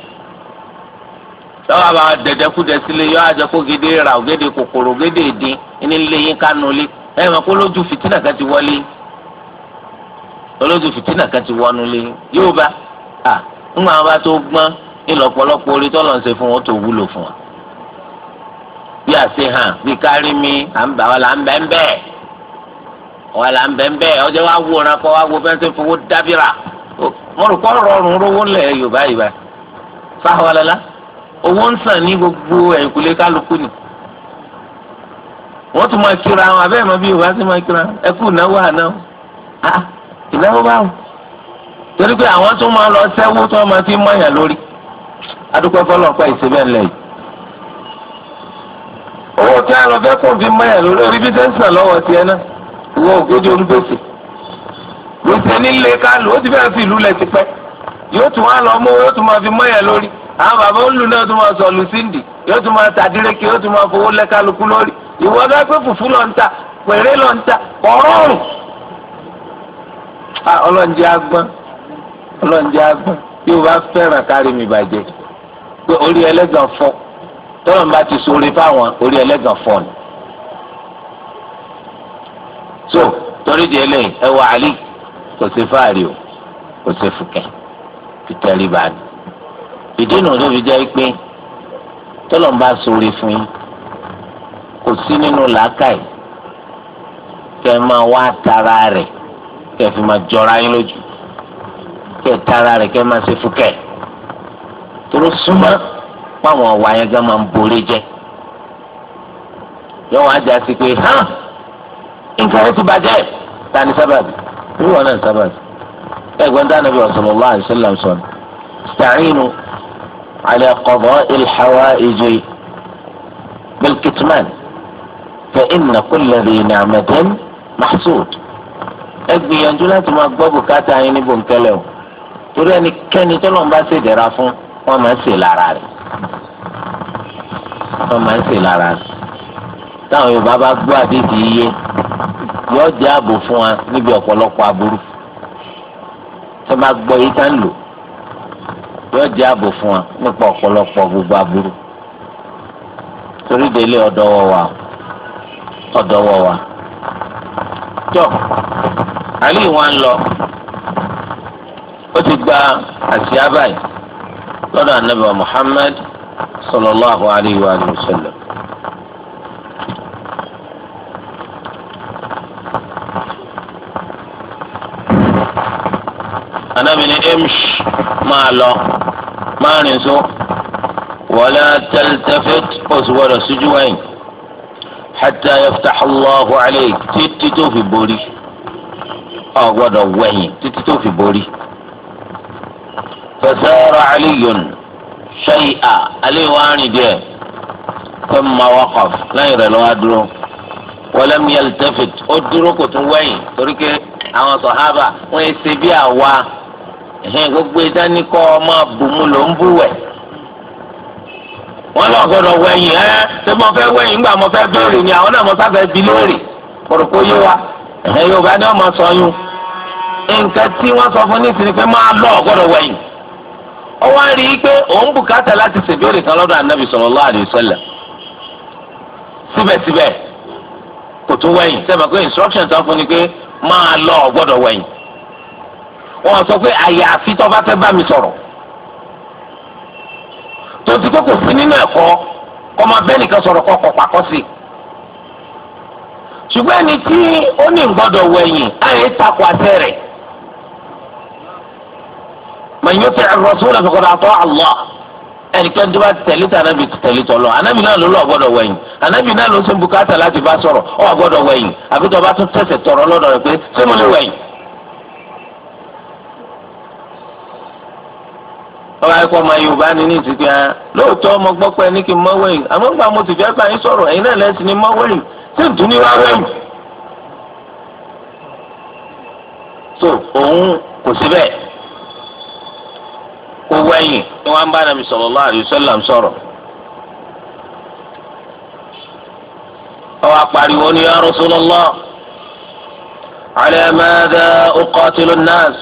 sílé yọ gédé ra kòkòrò ìdín ní ilé yín kánú lé ẹ mọ̀ pé fìtínà kan ti wọlé fìtínà kan ti wọnú lé yóò bá ń gbọ́n ńlọpọlọpọ orí tọ́lọ̀ ń ṣe fún wọn tó wúlò fún wọn. bí àṣe hàn bí kárí mi à ń bà wà là ń bẹ́ ń bẹ́ wà là ń bẹ́ ń bẹ́ ọjọ́ wa wo ọ̀ràn kọ́ wa wo fẹ́ẹ́ fowó dábìrà wọn rò kọ́ rọrùn rówó lẹ̀ Yorùbá yìí báyìí owó ń sàn ní gbogbo ẹ̀kúlé kálukú ni wọ́n tún máa kíra àwọn abẹ́rẹ́ máa bí Yorùbá sí máa kíra ẹ ìnáwó àná ah, ìnáwó báwo torí pé àwọn tó máa lọ sẹ́wó tó máa fi mọ̀yàn lórí adúpẹ́ fọlọ́n pa ìṣe bẹ́ẹ̀ lẹ́yìn. owó tí a lọ fẹ́ kún fi mọ́yà lórí bí tẹ́sán lọ́wọ́ tiẹ̀ náà ìwọ ògójì olùgbèsè gbèsè nílé kálù ó ti fẹ́ fi ìlú lẹ̀ tipẹ́ yóò tún wá lọ mú yóò tún máa fi mọ́yà lórí àwọn bàbá olú náà tún máa sọ̀lù síndì yóò tún máa tàdíreke yóò tún máa fowó lẹ̀ kálukú lórí ìwọ bá pé fùfú lọ ń ta pèrè lọ ń ta ọ̀rọ̀rùn. Ah, pé orí ẹlẹ́gàn fọ́ tọ́lọ́n bá ti sori fáwọn orí ẹlẹ́gàn fọ́ ni. so torí di eléyìí ẹ wọ àlì kò sí fáàrí o kò sí fúkẹ́ fi tẹ̀lé bá a ní. ìdí nù ló fi jẹ́ pé tọ́lọ́n bá sori fún yín kò sí nínú làákàyè kẹ́ máa wá tara rẹ̀ kẹ́ fi máa jọra yín lójú kẹ́ tara rẹ̀ kẹ́ máa ṣe fúkẹ́ ẹ̀ tóró súnmọ́ páwọn ọ̀wà yẹn gan máa ń borí jẹ yọ wọn àjà sí pé hàn nǹkan ó ti bàjẹ́ ta ni sábàbí irú wọn náà ni sábàbí ẹgbẹ́ dáná bí sallallahu alaihi wasallam ista'inu ala qada'il hawaiji bil kitman fa inna kulla dhi ni'matin mahsud ẹ gbìyànjú láti máa gbọ́ bùkátà yín ní bòńkẹ́lẹ́ o torí ẹnikẹ́ni tó lọ́n bá fún un wọ́n máa ń sè lára rẹ̀ wọ́n máa ń sè lára rẹ̀ táwọn Yorùbá bá gbọ́ àdéhìí iye yóò jẹ́ ààbò fún wa níbi ọ̀pọ̀lọpọ̀ aburú tó bá gbọ́ yìí tá ń lò yóò jẹ́ ààbò fún wa nípa ọ̀pọ̀lọpọ̀ gbogbo aburú torí ọ̀dọ́wọ́ wa ọ̀dọ́wọ́ wa tó àlè wa lọ ó ti gba àṣìá báyìí lọ́dọ̀ anábà Muhammad sallallahu alayhi wa sallam. anábì ní emsh máa lọ máa rìn so wala taltafit oṣù gbọdọ̀ síjú wẹ̀yìn hatta yaftaḥ Allahu alayk títí tó fi borí ọ̀ gbọdọ̀ wẹ̀yìn títí tó fi borí. فسار علي شيئا علي واني دي ثم وقف لا يرى الوادرو ولم يلتفت ادرك توين تركي àwọn sọ̀hábà wọ́n yẹ ṣe bí àwa ẹ̀hìn gbogbo ìdání kọ́ ọmọ bùnmu ló ń búwẹ̀. wọ́n lọ gbọ́dọ̀ wẹ̀yìn ẹ́ ṣé mo fẹ́ weyin gbà mo fẹ́ béèrè ni àwọn náà mo sáfẹ́ bi lóòrè kórókó yé wa ẹ̀hìn yorùbá ni wọ́n mọ sọ yún. nǹkan tí wọ́n sọ fún nísìnyí pé máa lọ gbọ́dọ̀ wẹ̀yìn. ó wá rí òun bùkátà láti ṣèbéèrè kan lọ́dọ̀ ànábì sallallahu alaihi wasallam síbẹ̀síbẹ̀ kò tún wẹ̀yìn yi. pé instruction tán fún ni pé máa lọ ò wẹ̀yìn wọ́n sọ pé àyàfi tó bá fẹ́ bá mi sọ̀rọ̀ tó ti kókò sí nínú ẹ̀kọ́ kọ́ máa bẹ́ẹ̀ nìkan sọ̀rọ̀ kọ́ kọ̀ pàkọ́ sí i ṣùgbọ́n ẹni tí man yuti ar-rasul faqad ata'a Allah ẹnikẹ́ni tó bá tẹ̀lé tí anabi ti tẹ̀lé tọ́ lọ anabi náà ló lọ gbọ́dọ̀ wẹ̀yìn anabi náà ló ń sẹ́nu bukata láti bá sọ̀rọ̀ ọ gbọ́dọ̀ wẹ̀yìn àfi tó bá tún tẹ̀sẹ̀ tọ̀rọ̀ lọ́dọ̀ rẹ̀ pé ṣé mo lè wẹ̀yìn. ọba ẹ̀kọ́ ọmọ yorùbá ni ní ìsìnkú ẹ̀ lóòótọ́ ọmọ gbọ́ pé ní kí n mọ wẹ̀yìn àmọ́ nígbà mo ti fẹ́ bá yín sọ̀rọ̀ ẹ̀yin náà lẹ́sìn ní mọ wẹ̀yìn ṣé n tún ní wá wẹ̀yìn. so òun kò sí bẹ́ẹ̀ gbogbo ẹ̀yìn ni wọ́n bá nàbì sallallahu alaihi wasallam sọ̀rọ̀. ni ya Rasulullah ala madha uqatilu an-nas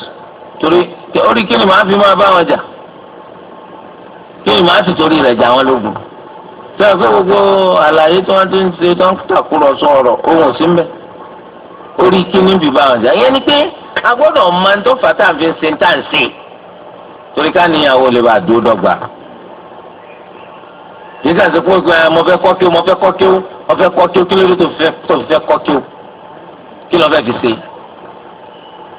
torí orí kí ni màá fi máa bá wọn jà kí ni màá sì torí jà wọn lógun tí a fẹ́ gbogbo àlàyé tí wọ́n ti ń ṣe tó ń tàkúrọ̀sọ ohun sí torí ká níyàwó lè bá dúró dọ́gba yíṣà sí pé gbẹ eh, mo fẹ́ kọ́ kí o mo fẹ́ kọ́ kí o mo fẹ́ kọ́ kí o kí lóde tó fi fẹ́ kọ́ kí o kí lọ́ọ́ fẹ́ fi ṣe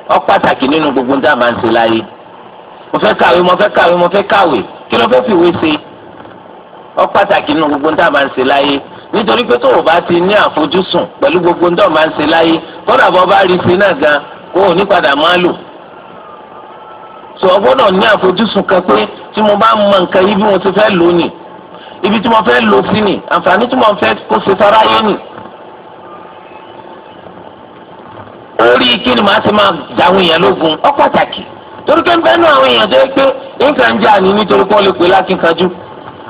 ọ pàtàkì nínú gbogbo ní àbá ń ṣe láyé mo fẹ́ kàwé mo fẹ́ kàwé mo fẹ́ kàwé kí lọ́ọ́ fẹ́ fi ìwé ṣe ọ pàtàkì nínú gbogbo ní àbá ń ṣe láyé nítorí pé tó o bá ti ní àfojúsùn pẹ̀lú gbogbo ní àbá ń ṣe láyé kọ́dà bọ́ bá rí ṣe náà gan kó o ní padà máa lò sọ gbọ́dọ̀ ní àfojúsùn kan pé tí mo bá mọ nǹkan yìí bí mo ti fẹ́ lò ní ibi tí mo fẹ́ lò sí ní àǹfààní tí mo fẹ́ kó ṣe sáráyé ní. orí kí ni màá ti máa dàwọn èèyàn lógun ọ pàtàkì torí pé nbẹ náà àwọn èèyàn jẹ pé nǹkan ń jà ní nítorí kó lè pè lákínkanjú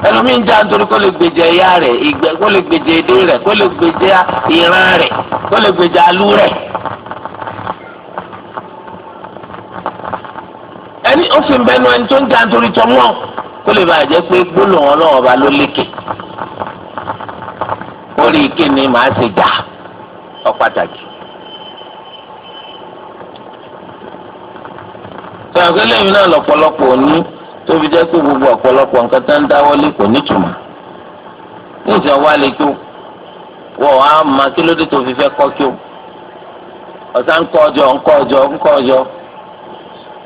ẹlòmíín jà nítorí kó lè gbèjẹ ẹ̀yà rẹ̀ ìgbẹ kó lè gbèjẹ èdè rẹ̀ kó lè gbèjẹ ìran rẹ̀ kó lè gbèjẹ alú rẹ̀ ó sì ń bẹnu ẹni tó ń ta nítorí tọ́mọ́ kó lè bàa jẹ́ pé gbólóhùn ọlọ́wọ́ ba ló lékè orí kíni màá ṣe dà ọ pàtàkì. sọ̀rọ̀ lẹ́yìn náà lọ́pọ̀lọpọ̀ ní tóbi jẹ́ pé gbogbo ọ̀pọ̀lọpọ̀ nǹkan tó ń dáwọ́lé kò nítumọ̀ níṣẹ́ wá lè tó wọ́n á máa kí ló tó fi fẹ́ kọ́ kí o ọ̀sán ń kọ́ ọjọ́ ń kọ́ ọjọ́ ń kọ́ ọjọ́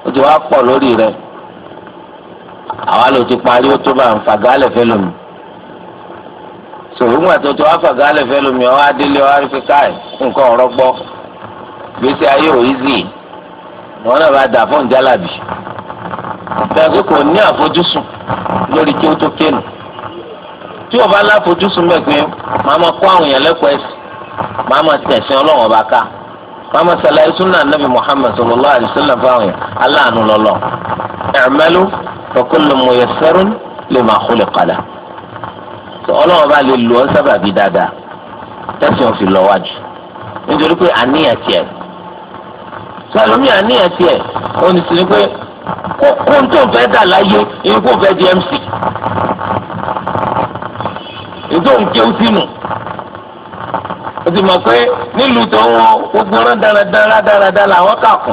ó ti wá pọ̀ lórí rẹ̀ àwa ló ti parí ó tó bá ń fàgálẹ̀ fẹ́ lómi sòwúmọ̀ tó tó wá fàgálẹ̀ fẹ́ lómi ọ̀ adélé ọ̀ arífikáì nǹkan ọ̀rọ̀ gbọ́ gbèsè ayé ò ízì wọn náà bá dà fún jálàbì bẹ́ẹ̀ pé kò ní àfojúsùn lórí kí ó tó kéènù tí o bá láfojúsùn mẹ́gbẹ́ màá ma kó àwọn èèyàn lẹ́kọ̀ọ́ ẹ̀sìn màá ma tẹ̀sìn ọlọ́wọ́n bá ká mama salaye sunna nabi muhammad sallallahu alayhi wa sallam fáwọn yẹn aláàánú lọlọ ẹ̀rmẹ́lú fọkúlù mọ̀yẹsẹ́rún lè máa kúlẹ̀ padà tó ọlọ́wọ́ bá lè lù ọ́ sábàbí dáadáa tẹ̀sán òfin lọ́wájú nítorí pé àníyàn tiẹ̀ sọlọ́mí àníyàn tiẹ̀ ó ní sí pé kó n tó ń fẹ́ dà láyé èyí fẹ́ di mc èyí tó ń kéwú sínú o ti mọ̀ pé nílùú tó ń wọ gbogbo rán dáradára dáradára làwọn kà kù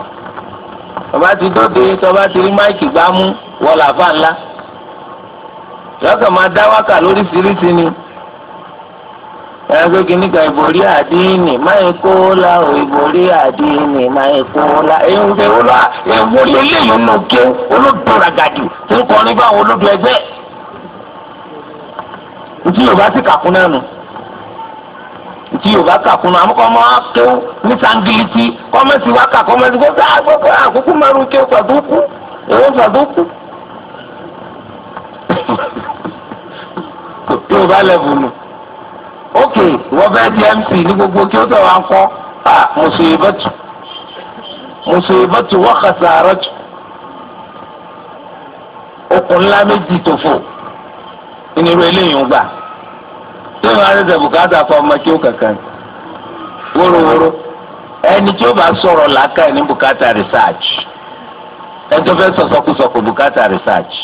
tọba ti dóde tọba ti rí máìkì gbámú wọ làbá ńlá yọkàn máa dá wákà lóríṣiríṣi ni ẹgbẹ́ kìíní kan ìbòrí àdínì máyì kóòlà ò ìbòrí àdínì máyì kóòlà èyí ṣe wọ́n lọ́wọ́ èwo lélẹ́yìn inú ké olódò ràgàdì tó ń kọrin báwọn olódò ẹgbẹ́ ntí yorùbá sì kàkún náà nù tí yorùbá kà kún un àmúkọ́ máa tó ní sangiliti kọ́mẹ́sì wá kà kọ́mẹ́sì kó sáà gbogbo àkókò mẹ́rin kí o fàdúkú èwo fàdúkú. yorùbá lẹ́bù nù ok wọ́n fẹ́ di mc ní gbogbo kí o sọ wá ń kọ́ a mùsùlùmí bẹ́tù mùsùlùmí bẹ́tù wọ́n kà sàárọ̀ tù okùn ńlá méjì tó fò eléyìí ń gbà tó ń rárí dẹ̀bùkátà fún ọmọ tí ó kankan wórówóró ẹni tí ó bá sọ̀rọ̀ làákà ní bùkátà research ẹni tó fẹ́ sọ̀sọ́kùsọ̀kù bùkátà research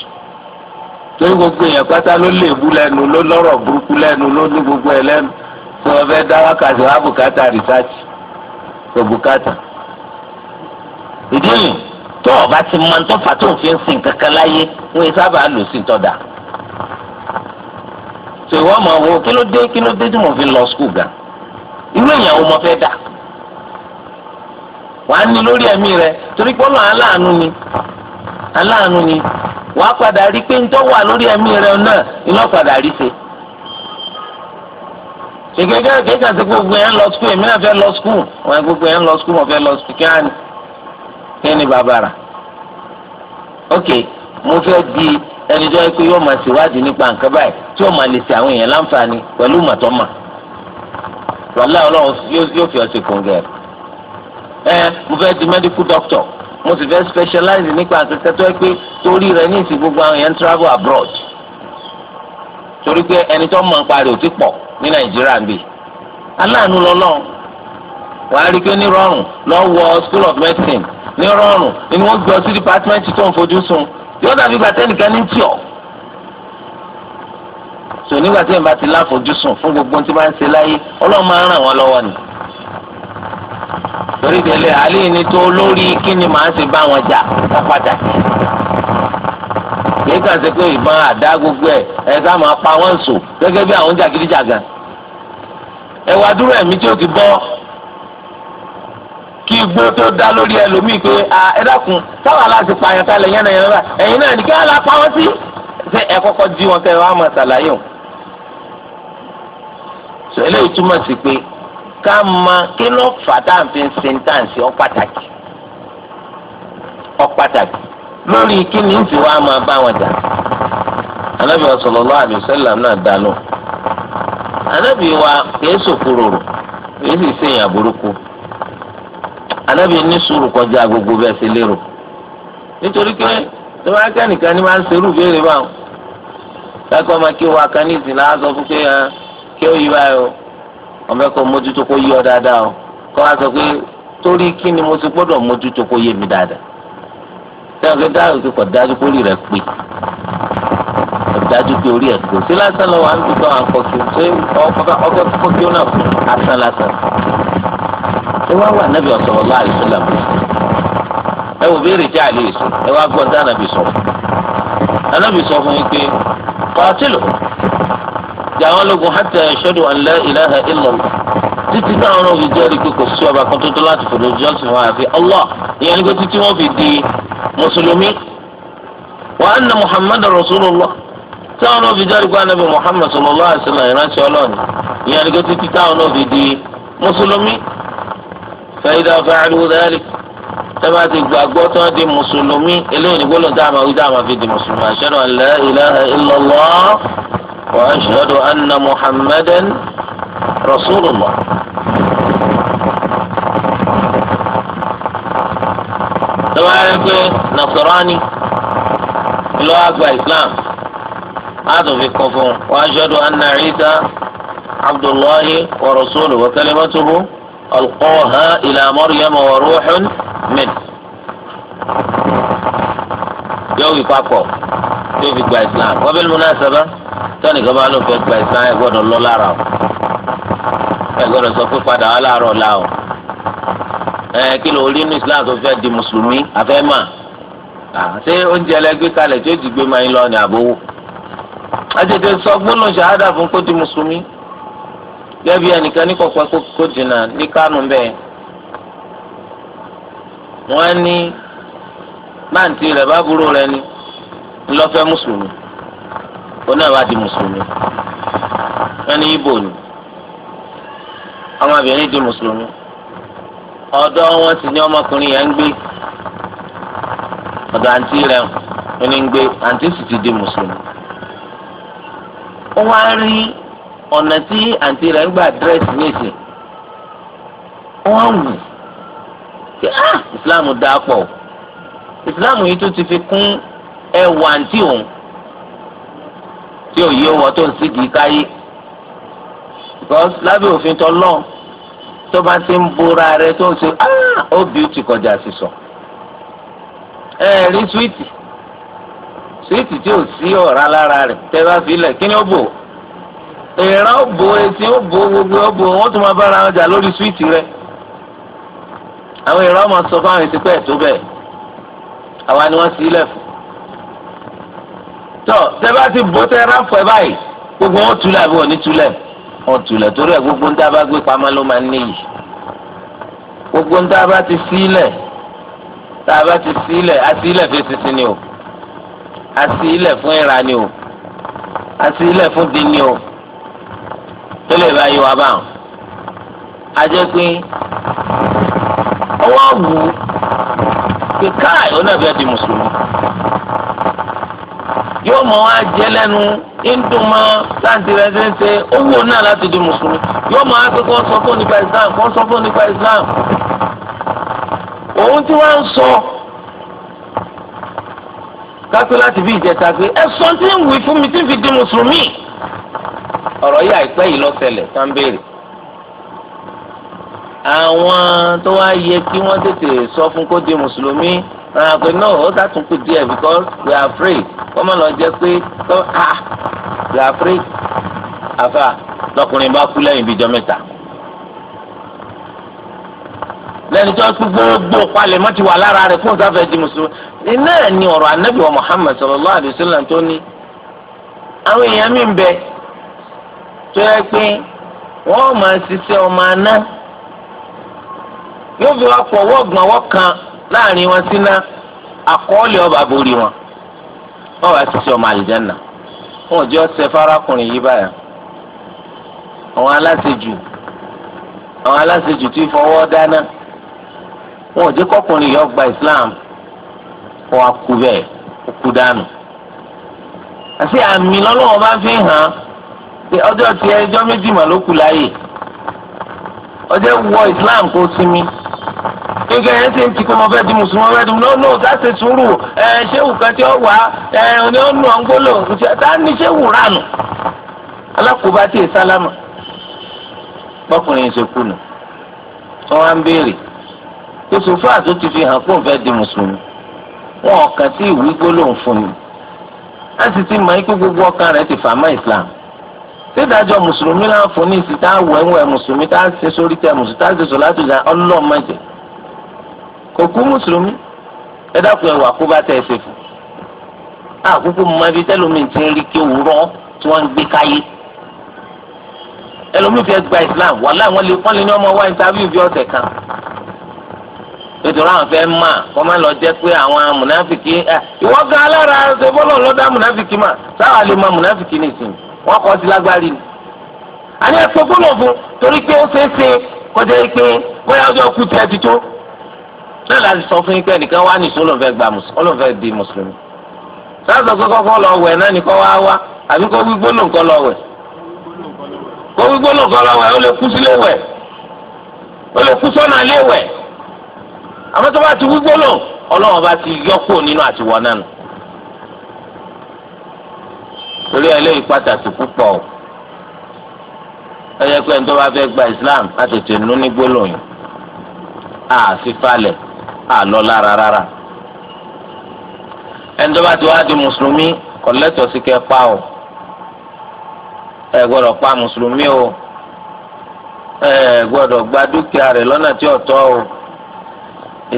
torí gbogbo èèyàn pátá ló léèbú lẹ́nu ló lọ́rọ̀ burúkú lẹ́nu ló ní gbogbo ẹ̀ lẹ́nu tí wọ́n fẹ́ dá wákàtí wá bùkátà research kò bùkátà. ìdí yìí tó ọba ti mọ tó fà tó fi ń sìn kankan láyé wọ́n sábà lò sí tọ́da tó ìwọ ọmọ wo kí ló dé kí ló dé tí mo fi lọ skul gan irú èèyàn wo mo fẹ́ dà wàá ní lórí ẹ̀mí rẹ torí pọ́nlọ́ aláàánú ni aláàánú ni wàá padà rí pé ń tọ́ wà lórí ẹ̀mí rẹ náà iná padà rí ṣe ìgbẹ́jọ́ ìgbẹ́jọ́ àti gbogbo yẹn lọ skul èmi náà fẹ́ lọ skul wọn gbogbo yẹn lọ skul wọn fẹ́ lọ skul kí á ní kí ni bàbá rà ok mo fẹ́ di ẹni tó yẹ pé yóò máa ṣèwádìí nípa nǹkan báyìí tí yóò máa lè ṣe àwọn èèyàn láǹfààní pẹ̀lú mọ̀tọ́mà wàhálà ọlọ́run yóò fi ọ̀sẹ̀ kòǹgẹ̀ ẹ mo fẹ́ di medical doctor mo sì fẹ́ specialize nípa àtẹ̀tẹ̀ tó yẹ pé torí rẹ̀ ní ìsìn gbogbo àwọn èèyàn travel abroad torí pé ẹni tó mọ̀ ń parí ò ti pọ̀ ní nàìjíríà ń bì aláàánú lọ́lọ́run wàá rí i pé ní rọrùn lọ́wọ́ school of medicine ní rọrùn ni wọ́n gbé ọ sí department tó ń fojú sùn yóò dàbí gbàtẹ́ nìkan ní tíọ̀ sọ nígbà tí èèyàn bá ti láfojúsùn fún gbogbo tí wọ́n ń ṣe láyé ọlọ́run máa ń ràn wọ́n lọ́wọ́ ni torí délé àlẹ́ ni tó lórí kí ni màá ṣe bá wọn jà wọ́n padà sí kìí kàn ṣe pé ìbọn àdá gbogbo ẹ ẹ sá máa pa wọn sò gẹ́gẹ́ bí àwọn jàgídíjàgan ẹwà dúró ẹ̀mí tí ó ti bọ́ kí igbó tó dá lórí ẹlòmíì pé ẹ dákun táwa láti pààyàn ta lè yánnà yánnà ẹ̀yin náà ní kí wọ́n la pa wọ́n sí. ṣé ẹ kọ́kọ́ jí wọn kẹ́ wá mọ̀ ṣàlàyé o. sọ eléyìí túmọ̀ sí pé ká mọ kí ló fà tá à ń fi ń sin tá à ń sin ọ́ pàtàkì ọ́ pàtàkì lórí kí ni ń fi wá máa bá wọn jà. anábì wa sallallahu alaihi wasallam náà dá lọ. anábì wa kìí sòkúròrò kìí sì ṣèyàn burúkú anábì ní sùúrù kọjá gbogbo bẹ́ẹ̀ ṣe lérò nítorí pé ní wọn ká nìkan ní máa ń ṣerú béèrè bá wọn kákọ́ máa kí wọn kan ní ìsìn náà sọ fún pé kí ó yí báyìí o wọn fẹ́ kó mójútó kó yí ọ dáadáa o kọ́ wa sọ pé torí kí ni mo ti gbọ́dọ̀ mójútó kó yé mi dáadáa sẹ́wọ̀n kí dáhùn ti kọ̀ dájú kórì rẹ̀ pé dájú pé orí ẹ̀ kò sí lásán lọ́wọ́ à ń dùn bá wọn ṣé ọkọ̀ kọ́ kí náà fún ẹ wá wà nàbì sallallahu alaihi wasallam ẹ wò béèrè tí a lè sọ ẹ wá gbọ́ dá nàbì sọ nàbì sọ fún yín pé qatilu jàwọn lógun hatta yashhadu an la ilaha illallah títí táwọn náà fi jẹ́rìí pé kò sí ọba kan tó tó láti fòdò jọ́sìn wọn àfi Allah ìyẹn ni pé títí wọ́n fi di mùsùlùmí wa anna muhammadan rasulullah táwọn náà fi jẹ́rìí pé anabi muhammad sallallahu alaihi wasallam ìrántí ọlọ́ọ̀ni ìyẹn ni títí táwọn náà fi di mùsùlùmí. فإذا فعلوا ذلك كما تقبوا تودي المسلمين إليه يقولوا دعم أو دعم في دي المسلمين أشهد أن لا إله إلا الله وأشهد أن محمدا رسول الله طبعا نصراني الله أكبر إسلام هذا في الكفر وأشهد أن عيسى عبد الله ورسوله وكلمته ألقاها إلى مريم وروح منه yóò wí papọ̀ tó fi gba islam wọ́n bẹ́ẹ̀ múnasaba tọ́ni kan máa ló fẹ́ gba islam ẹ̀ gbọ́dọ̀ lọ lára o ẹ̀ gbọ́dọ̀ sọ pé padà wà láàárọ̀ la o ẹ̀ kí ló rí inú islam tó fẹ́ di mùsùlùmí àfẹ́ mà ṣé oúnjẹ ẹlẹgbẹ́ kalẹ̀ tí ó ti gbé máa ń lọ ní àbówó àtẹ̀tẹ̀ sọ gbọ́nà ṣàhádà fún kó di mùsùlùmí gẹ́gẹ́ bí ẹnìkan ní kọ̀pẹ́ kó dìnnà ní kánú bẹ́ẹ̀ wọ́n ní báńtì rẹ̀ bá burú rẹ̀ ni ńlọ́fẹ́ mùsùlùmí òun náà bá di mùsùlùmí wọ́n ní ibo ni ọmọbìnrin di mùsùlùmí ọ̀dọ̀ wọn sì ní ọmọkùnrin yẹn ń gbé ọ̀dọ̀ àǹtí rẹ̀ ń ní ń gbé àǹtí sì ti di mùsùlùmí. wọ́n á rí ọ̀nà tí àǹtí rẹ̀ ń gbà dírẹ́sì nìsín wọ́n wù pé ah islam dáa pọ̀ islam yìí tún ti fi kún ẹwà àǹtí òun tí òye wọ tó ń sígi káyé because lábẹ́ òfin tó lọ́ọ̀ tó bá ti ń bora rẹ tó ń ṣe ah ó bìútì kọjá sísọ ẹ rí swiiti swiiti tí ò sí ọ̀rá lára rẹ̀ tẹ́ bá fi lẹ̀ kí ni ó bò ó ìran ó bo etí ó bo gbogbo ó bo wọ́n tún máa bára wọn jà lórí súwìtì rẹ̀ àwọn ìran ọmọ sọ fáwọn ètò pẹ́ẹ́ tó bẹ́ẹ̀ àwa ni wọ́n sì ilẹ̀ fún. tọ́ tẹ bá ti bó tẹ ráfọ̀ ẹ báyìí gbogbo wọn túlẹ̀ àbí wọn ní túlẹ̀ wọn túlẹ̀ torí ẹ̀ gbogbo ń dábàá gbé pamọ́ ló máa ń níyì gbogbo ń dábàá ti sílẹ̀ tá ti sílẹ̀ a fi sisi ni o a fún ìra ni o a fún di ni o tó lè bá yí wa bá wọn. a jẹ́ pé ọwọ́ wù ú pé káì onábìá di mùsùlùmí yóò mọ wá jẹ lẹ́nu ńdùnmọ láti rẹ ṣe ń ṣe owó náà láti di mùsùlùmí yóò mọ wá pé kó sọ fún nípa Islam kó sọ fún nípa Islam òun tí wọ́n ń sọ kátó láti bí ìjẹta pé ẹ sọ tí ń wí fún mi tí ń fi di mùsùlùmí ọ̀rọ̀ yìí àìpẹ́ yìí ló ṣẹlẹ̀ tán béèrè àwọn tó wá yẹ kí wọ́n tètè sọ fún kó di mùsùlùmí ràn án pé náà ó sàtúnkù díẹ̀ because we are afraid kọ́mọ lọ jẹ́ pé kọ́ ah we are free àfà lọkùnrin bá kú lẹ́yìn bíjọ́ mẹ́ta lẹ́ni tó kú gbogbo palẹ̀ mọ́ ti wà lára rẹ̀ fún ìsáfẹ́ di mùsùlùmí náà ni ọ̀rọ̀ anábìwọ̀ Muhammad sallallahu alaihi wasallam tó ní àwọn èèyàn mi ń bẹ tó yẹ pé wọ́n máa ṣiṣẹ́ ọmọ aná yóò fi wá pọ̀ wọ́gbọ̀nwọ́ kan láàrin wọn síná àkọọ́lẹ̀ ọba borí wọn wọ́n wá ọmọ wọn ò jẹ́ ọ̀sẹ̀ fárákùnrin yìí báyà àwọn aláṣejù àwọn aláṣejù tí fọwọ́ dáná wọn ò jẹ́ kọkùnrin yìí ọgbà Islam kọ́ akú bẹ́ẹ̀ pé ọjọ́ tí ẹjọ́ méjì mà ló kù láàyè ọjọ́ wọ Islam kó sinmi gẹ́gẹ́ ẹ ṣe ń ti kó mo fẹ́ di mùsùlùmí ọfẹ di mu lọ́nà ọ̀tá ṣe sùúrù ẹ ṣéwù kan tí ó wà ẹ ní ó nù tá ní ṣéwù ránù alákòóbá tí ì sálámà ṣe kú nù ń béèrè tó ti fi hàn pé òun di wọn tí fún mi láti ti ọkàn sídájọ́ mùsùlùmí láǹfọ̀ ní ìsìtá wẹ̀wẹ̀ mùsùlùmí tá a ṣe sórí tẹ mùsùlùmí tá a ṣe sọ láti ìjà ọlọ́mọdé kò kú mùsùlùmí ẹ dákun ẹwà kó bá tẹ ẹ ṣe fún àkókò mọ ibi ti ń rí tí wọ́n gbé káyé Islam lè ọmọ interview bí kan àwọn máa lọ pé àwọn alára ṣe mà sáwà lè mọ wọ́n kọ́ sí lágbárí ni. àní ẹ̀sọ́ gbọ́dọ̀ fún torí pé ó ṣeé ṣe kọjá yìí pé bóyá ọjọ́ kú tiẹ̀ ti tó. náà láti sọ fún yín pé ẹnìkan wá nìṣó olóńfẹ́ gba olóńfẹ́ di mùsùlùmí. sáàsọ kọ́kọ́ kọ́ lọ wẹ̀ náà nìkan wá wá àbí kó wí gbólóhùn kọ́ lọ wẹ̀. kó wí gbólóhùn kọ́ lọ wẹ̀ ó lè kú sílé wẹ̀ ó lè kú sọ́nà ilé wẹ̀. àmọ́ tó bá ti wí gbólóhùn ọlọ́run bá ti yọ torí eléyìí pàtàkì púpọ̀ o ẹ jẹ́ pé ẹni tó bá fẹ́ gba Islam á tètè nú ní gbólóyìn á fi falẹ̀ á lọ lára rárá ẹni tó bá ti wá di mùsùlùmí kò lẹ́tọ̀ọ́ sí kẹ́ pa o ẹ gbọ́dọ̀ pa mùsùlùmí o ẹ gbọ́dọ̀ gba dúkìá rẹ̀ lọ́nà tí ò tọ́ o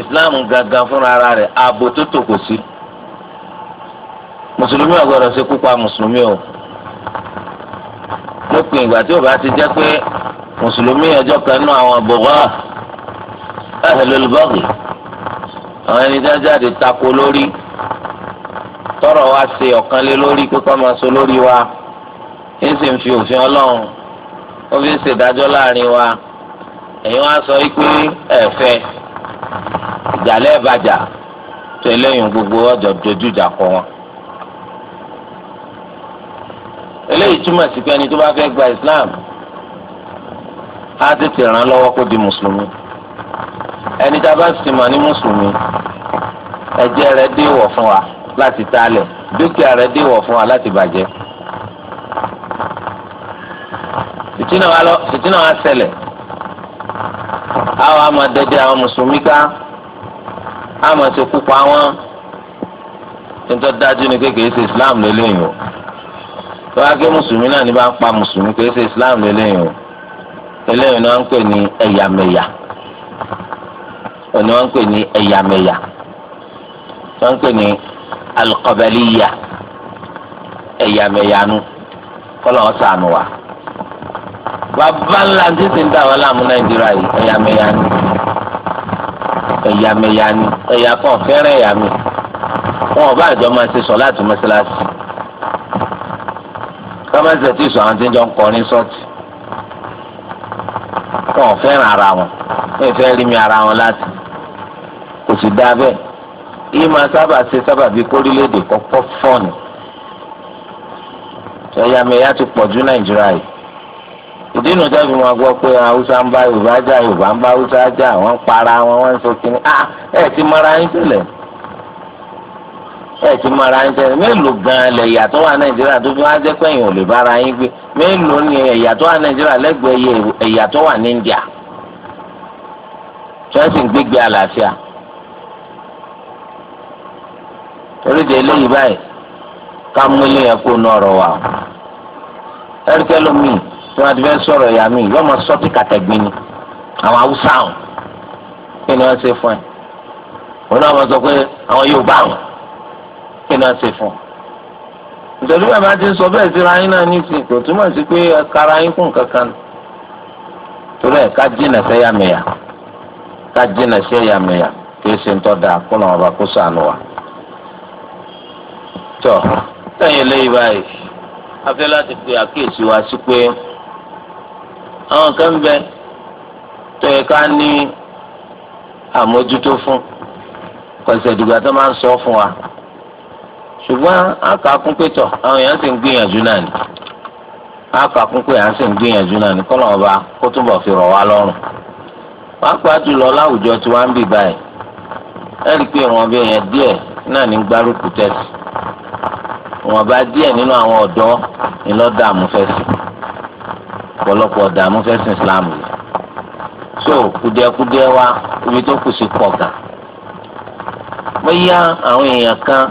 Islam gangan fúnra rẹ̀ ààbò tó tòkò sí. Si mùsùlùmí ò gbọ́dọ̀ ṣekú pa mùsùlùmí o lópin ìgbà tí ó bá ti jẹ́ pé mùsùlùmí ọjọ́ kan nú àwọn bọ̀gọ́ ahlul baghi àwọn ẹni tí wọ́n jáde tako lórí tọrọ wa ṣe ọ̀kan lé lórí pípọ́ máa so lórí wa ń sì ń fi òfin ọlọ́run ó fi ń láàrin wa èyí wọ́n á sọ wípé ẹ̀fẹ́ ìjà lẹ́ẹ̀bàjà tó eléyìí gbogbo ọjọ́ dojú ìjà kọ wọn. eléyìí túmọ̀ sí pé ẹni tó bá fẹ́ gba islam á tètè ràn lọ́wọ́ kó di mùsùlùmí ẹni tá a bá sì mọ̀ ní mùsùlùmí ẹ̀jẹ̀ rẹ̀ déwọ̀ fún wa láti talẹ̀ dúkìá rẹ̀ déwọ̀ fún wa láti bàjẹ́ fìtínà wa ṣẹlẹ̀ àwọn amadede àwọn mùsùlùmí ká àmọ̀ ṣe kú pa tó ń tọ́ dájú ní kékeré sí islam lélẹ́yìn o tọ́wá pé mùsùlùmí náà ní bá ń pa mùsùlùmí kò ṣe islam lélẹ́yìn o eléyìí ni wọ́n ń pè ní ẹ̀yàmẹ̀yà òní wọ́n ń pè ní ẹ̀yàmẹ̀yà wọ́n ń pè ní alukọ̀bẹ̀lìyà ẹ̀yàmẹ̀yà nu kọ́lọ̀ ọ́ sànù wa. bàbá ńlá ti ti ń dà wọ́n láàmú nàìjíríà yìí ẹ̀yàmẹ̀yà ni ẹ̀yàmẹ̀yà ni ẹ̀yà kan fẹ́ràn ẹ̀yà mi wọn ò bá àjọ máa ṣe sọ láti mọ́ṣáláṣí kọ́mẹ́sẹ̀ tí sọ àwọn tí ń jọ ń kọrin sọ́ọ̀tì wọn ò fẹ́ràn ara wọn wọn ò fẹ́ rí mi ara wọn láti kò sì dá bẹ́ẹ̀ yìí máa sábà ṣe sábà bíi kórílẹ̀-èdè kọ́kọ́ fọ́ọ̀nù ẹ̀yàmẹ̀yà ti pọ̀ ju nàìjíríà yìí ìdí inú jáde máa gbọ́ pé haúsá ń bá yorùbá jà yorùbá ń bá haúsá jà wọ́n ń para wọn wọ́n ń sọ kínní ah ẹ̀ ti mọ́ra yín tẹ́lẹ̀ ẹ ti mara ń jẹ mélòó gan-an lẹ ẹ̀yà tó wà nàìjíríà tó fi wá jẹ́ pé èèyàn ò lè bára yín gbé mélòó ni ẹ̀yà tó wà nàìjíríà lẹ́gbẹ̀ẹ́ ẹ̀yà tó wà ní India tí wọ́n sì ń gbégbé àlàáfíà torí de eléyìí báyìí ká mú ilé yẹn kó nu ọ̀rọ̀ wa ẹ̀ríkẹ́ lómi tí wọ́n ti fẹ́ sọ̀rọ̀ ẹ̀yà mi yọ́mọ sọ́tì kàtẹ́gbin ni àwọn haúsá hàn kí ni wọ́n ṣe fún ẹ̀ òun náà wọ́n sọ pé àwọn yóò bá wọn kí náà ṣe fún un ìtọ́jú bàbá ti sọ bẹ́ẹ̀ síra yín náà nísìnyí kò túmọ̀ sí pé ẹ̀kára yín kún kankan torí ẹ̀ ká jìnà sẹ́yàmẹ̀yà ká jìnà sẹ́yàmẹ̀yà kì í ṣe ń tọ́da kún àwọn ọba kó sànù wa. tọ́ lẹ́yìn báyìí a fẹ́ láti pe àkíyèsí wa sí pé àwọn kan bẹ tó yẹ ká ní àmójútó fún kọ̀sẹ̀ ìdìgbà tó máa ń sọ fún wa ṣùgbọ́n àkàkùn pé tọ̀ àwọn èèyàn sì ń gbìyànjú náà ni àkàkùn pé à ń sì ń gbìyànjú náà ni kọ́lọ̀ ọba kó túbọ̀ fi rọ̀ wá lọ́rùn. pàápàá jùlọ láwùjọ tí wọ́n ń bì báyìí ẹ̀rí pé wọn bí èèyàn díẹ̀ náà ní gbárùkù tẹ̀sí wọn bá díẹ̀ nínú àwọn ọ̀dọ́ ńlọ́dààmú fẹ́sìn ọ̀pọ̀lọpọ̀ ọ̀dààmú fẹ́sìn Islam yìí so kùdìẹ̀kùdìẹ̀ wa ibi tó kù sí pọ̀ gan. bóyá àwọn èèyàn kan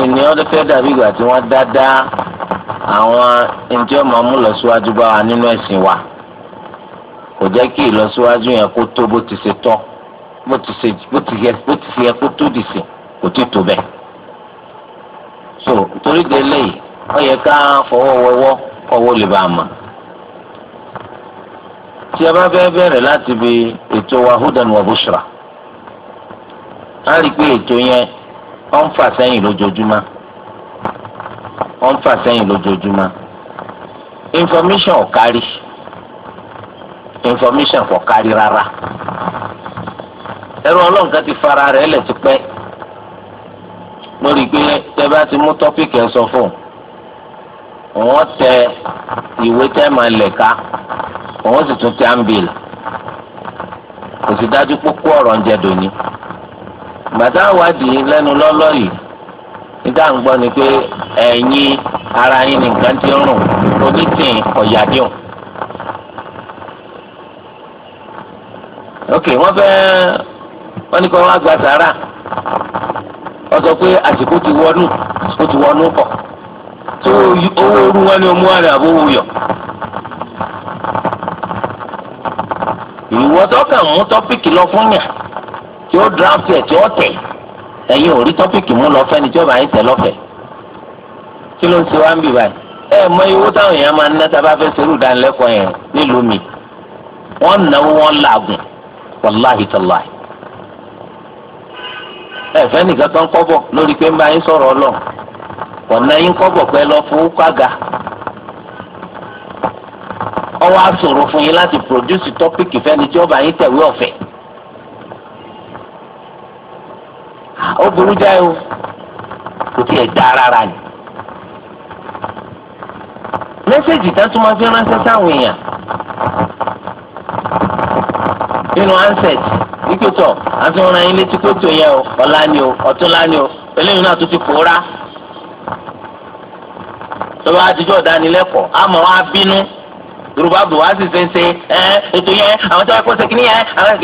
ènìyàn ló fẹ́ dàbí ìgbà tí wọ́n dáadáa àwọn ẹni tí wọ́n máa mú lọ síwájú bá wa nínú ẹ̀sìn wa kò jẹ́ kí ìlọsíwájú yẹn kó tó bó ti ṣe tọ́ bó ti ṣe yẹ kó tó dìsìn kò tí tó bẹ́ẹ̀. so torí de léyìí ó yẹ ká fọwọ́ wọwọ́ kọ́wọ́ lè bá a mọ̀. tí a bá fẹ́ bẹ̀rẹ̀ láti bi ètò wa hudan wa bushra. a rí i pé ètò yẹn ó ń fà sẹ́yìn lójoojúmọ́ ó ń fà sẹ́yìn lójoojúmọ́ information ò kárí information kò kárí rárá ẹrú ọlọ́run kan ti fara rẹ̀ lẹ̀ ti pẹ́ lórí pé tẹ́ bá ti mú tọ́pìkì ẹ̀ sọ fún un wọ́n tẹ ìwé tẹ́ máa lẹ̀ ká wọ́n sì tún tẹ́ àǹbìlì kò sì dájú púpọ̀ ọ̀rọ̀ ń jẹ dòní gbàtà àwádìí lẹ́nu lọ́lọ́ yìí níta ń gbọ́ ni pé ẹ̀yin ara yín nìkan ti ń rùn onítìǹ ọ̀yàdíùn. ok wọ́n fẹ́ wọ́n ní kí wọ́n wá gba sàárà wọ́n sọ pé àsìkò ti wọnú àsìkò ti wọnú pọ̀ tó owó orú wọn ni ọmú àrẹ àbówó yọ. ìwọ́sọ̀kàn mú tọ́pìkì lọ fún yàn. tí ó draft ẹ̀ tí ó tẹ̀ ẹ̀yin ò rí tọ́pìkì mú lọ tí ó bá yín tẹ̀ kí ló ń ṣe wá ń bì báyìí ẹ mọ táwọn èèyàn máa ń ná bá fẹ́ ṣerú yẹn nílùú mi wọ́n náwó wọn làágùn wàláhì tàláhì ẹ̀fẹ́ nìkan lórí pé ń bá yín sọ̀rọ̀ ọlọ́ yín kọ́bọ̀ lọ fún kága ọwọ́ á fún yín ó burú jáì o kò tiẹ̀ dá rárá ni. mẹ́sẹ̀gì tán tún máa fi ránṣẹ́ sáwọn èèyàn nínú ansẹt wípétọ àti wọn ayé létí kótó yẹ o ọlá ni o ọ̀túnla ni tó ti pòórá tọ́ba àtijọ́ àmọ́ wa bínú yorùbá bò wá sì ṣeéṣe ẹ ètò yẹn àwọn tó wá pọ̀ sẹ́kìnì yẹn àwọn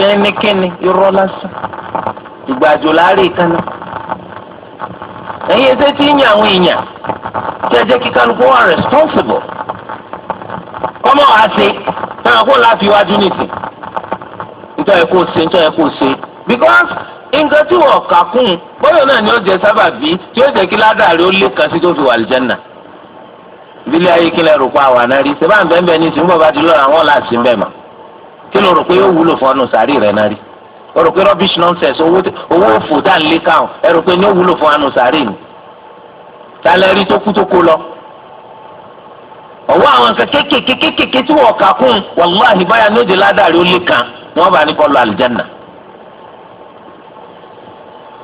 ìgbàjò láàrin ìkànnà ẹ̀yin ẹsẹ̀ tí ń yàn àwọn èèyàn tí ẹ jẹ́ kí kálukú wà responsible kọ́mọ wàá ṣe náà kó láti iwájú nìsín nítorí ẹ kó ṣe nítorí ẹ kó ṣe because nǹkan tí wọ́n kà kún un bọ́yọ̀ náà ni ó jẹ sábàbí tí ó jẹ́ kí ládàrí ó lé kan sí tó fi wà lìjẹ́nà ìbílẹ̀ ayé kí lẹ rò pa àwọn àná rí ṣé bá ń bẹ́ẹ̀ bẹ́ẹ̀ ní ìsìn bọ́ bá ti lọ́ra wọn láti ń bẹ́ẹ̀ mọ́ kí ló rò pé yóò wúlò fún ọ́nù sàárì rẹ̀ náà rí ẹrù pé rubbish nonsense owó owó òfò tá n lé káwọn ẹrù pé ní òwúlò fún anu sàárè ni talẹ́rì tó kú tó kó lọ. ọ̀wọ́ àwọn nǹkan kékèkékèké tí wọ́n kà kún wàláhì báyà ní òde ládàrí ó lé kan wọ́n bá ní kọ́ lọ àlùjánnà.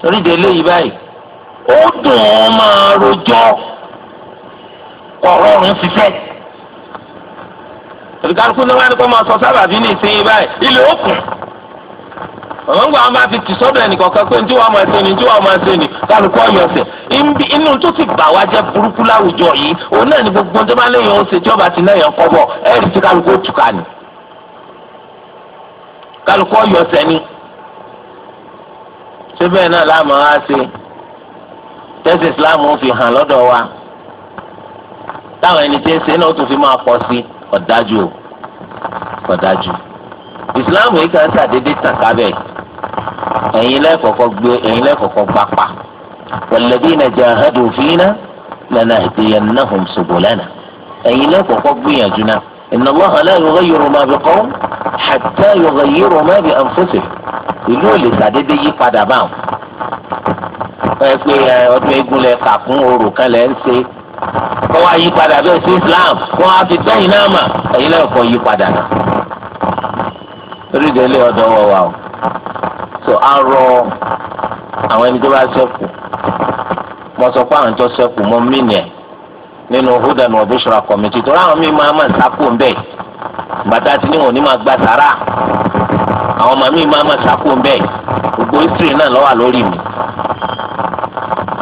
torí de eléyìí báyìí ó dùn ún máa rojọ́ ọ̀rọ̀ ọ̀run fífẹ́ ìdíkàlùkù ní wọn á ní kó máa sọ sábàbí ní ìsinyìí báyìí ilé ó kùn màmá ń gbà wọn bá fi tì sọ́dọ̀ ẹnìkọ̀ọ̀kan pé njẹ́ wàá máa ṣe ni njẹ́ wàá máa ni kálukú ọ̀yọ̀ ọ̀sẹ̀ inú tó ti bà wá jẹ́ burúkú láwùjọ yìí òun náà ni gbogbo ọjọ́ máa léèyàn ṣe tí ọba ti náà yàn kọ́bọ̀ ẹ̀rí tí kálukú òtùkà ni kálukú ọ̀yọ̀ ọ̀sẹ̀ ni ṣé bẹ́ẹ̀ náà láàmú wá ṣe tẹ́sí Islam fi hàn lọ́dọ̀ wa táwọn ẹni tí ń ṣe náà tún fi máa pọ̀ sí ọ̀dájú ọ̀dájú Islam yìí kan ṣàdédé tàn ẹ̀yin lẹ́kọ̀ọ́kọ́ gbé ẹ̀yin lẹ́kọ̀ọ́kọ́ gbá pa walladhina jahadu fina lanahdiyannahum subulana ẹ̀yin lẹ́kọ̀ọ́kọ́ gbìyànjú náà inna Allaha la yughayyiru ma biqawmin hatta yughayyiru ma bi anfusihim ìlú òlè sàdédé yí padà bá wọn. ẹ pé ọdún eégún lẹ kà fún orò kan lẹ ń ṣe kọ́ wá yí padà bẹ́ẹ̀ sí Islam wọ́n á fi dẹ́yìn náà mà ẹ̀yin lẹ́kọ̀ọ́ yí padà náà. torí ìdílé ọ̀dọ́ wọ̀ wá o tó a rọ àwọn ẹni tó bá ṣẹ́kù mo sọ pé àwọn tó ṣẹ́kù mo mí nìyẹn nínú hudan wa bushra committee tó ráwọn míì máa máa ń sákò ń bẹ̀ bàtà tí níwọ̀n ní máa gba sàrà àwọn ọmọ míì máa máa sákò ń bẹ̀ gbogbo history náà ló wà lórí mi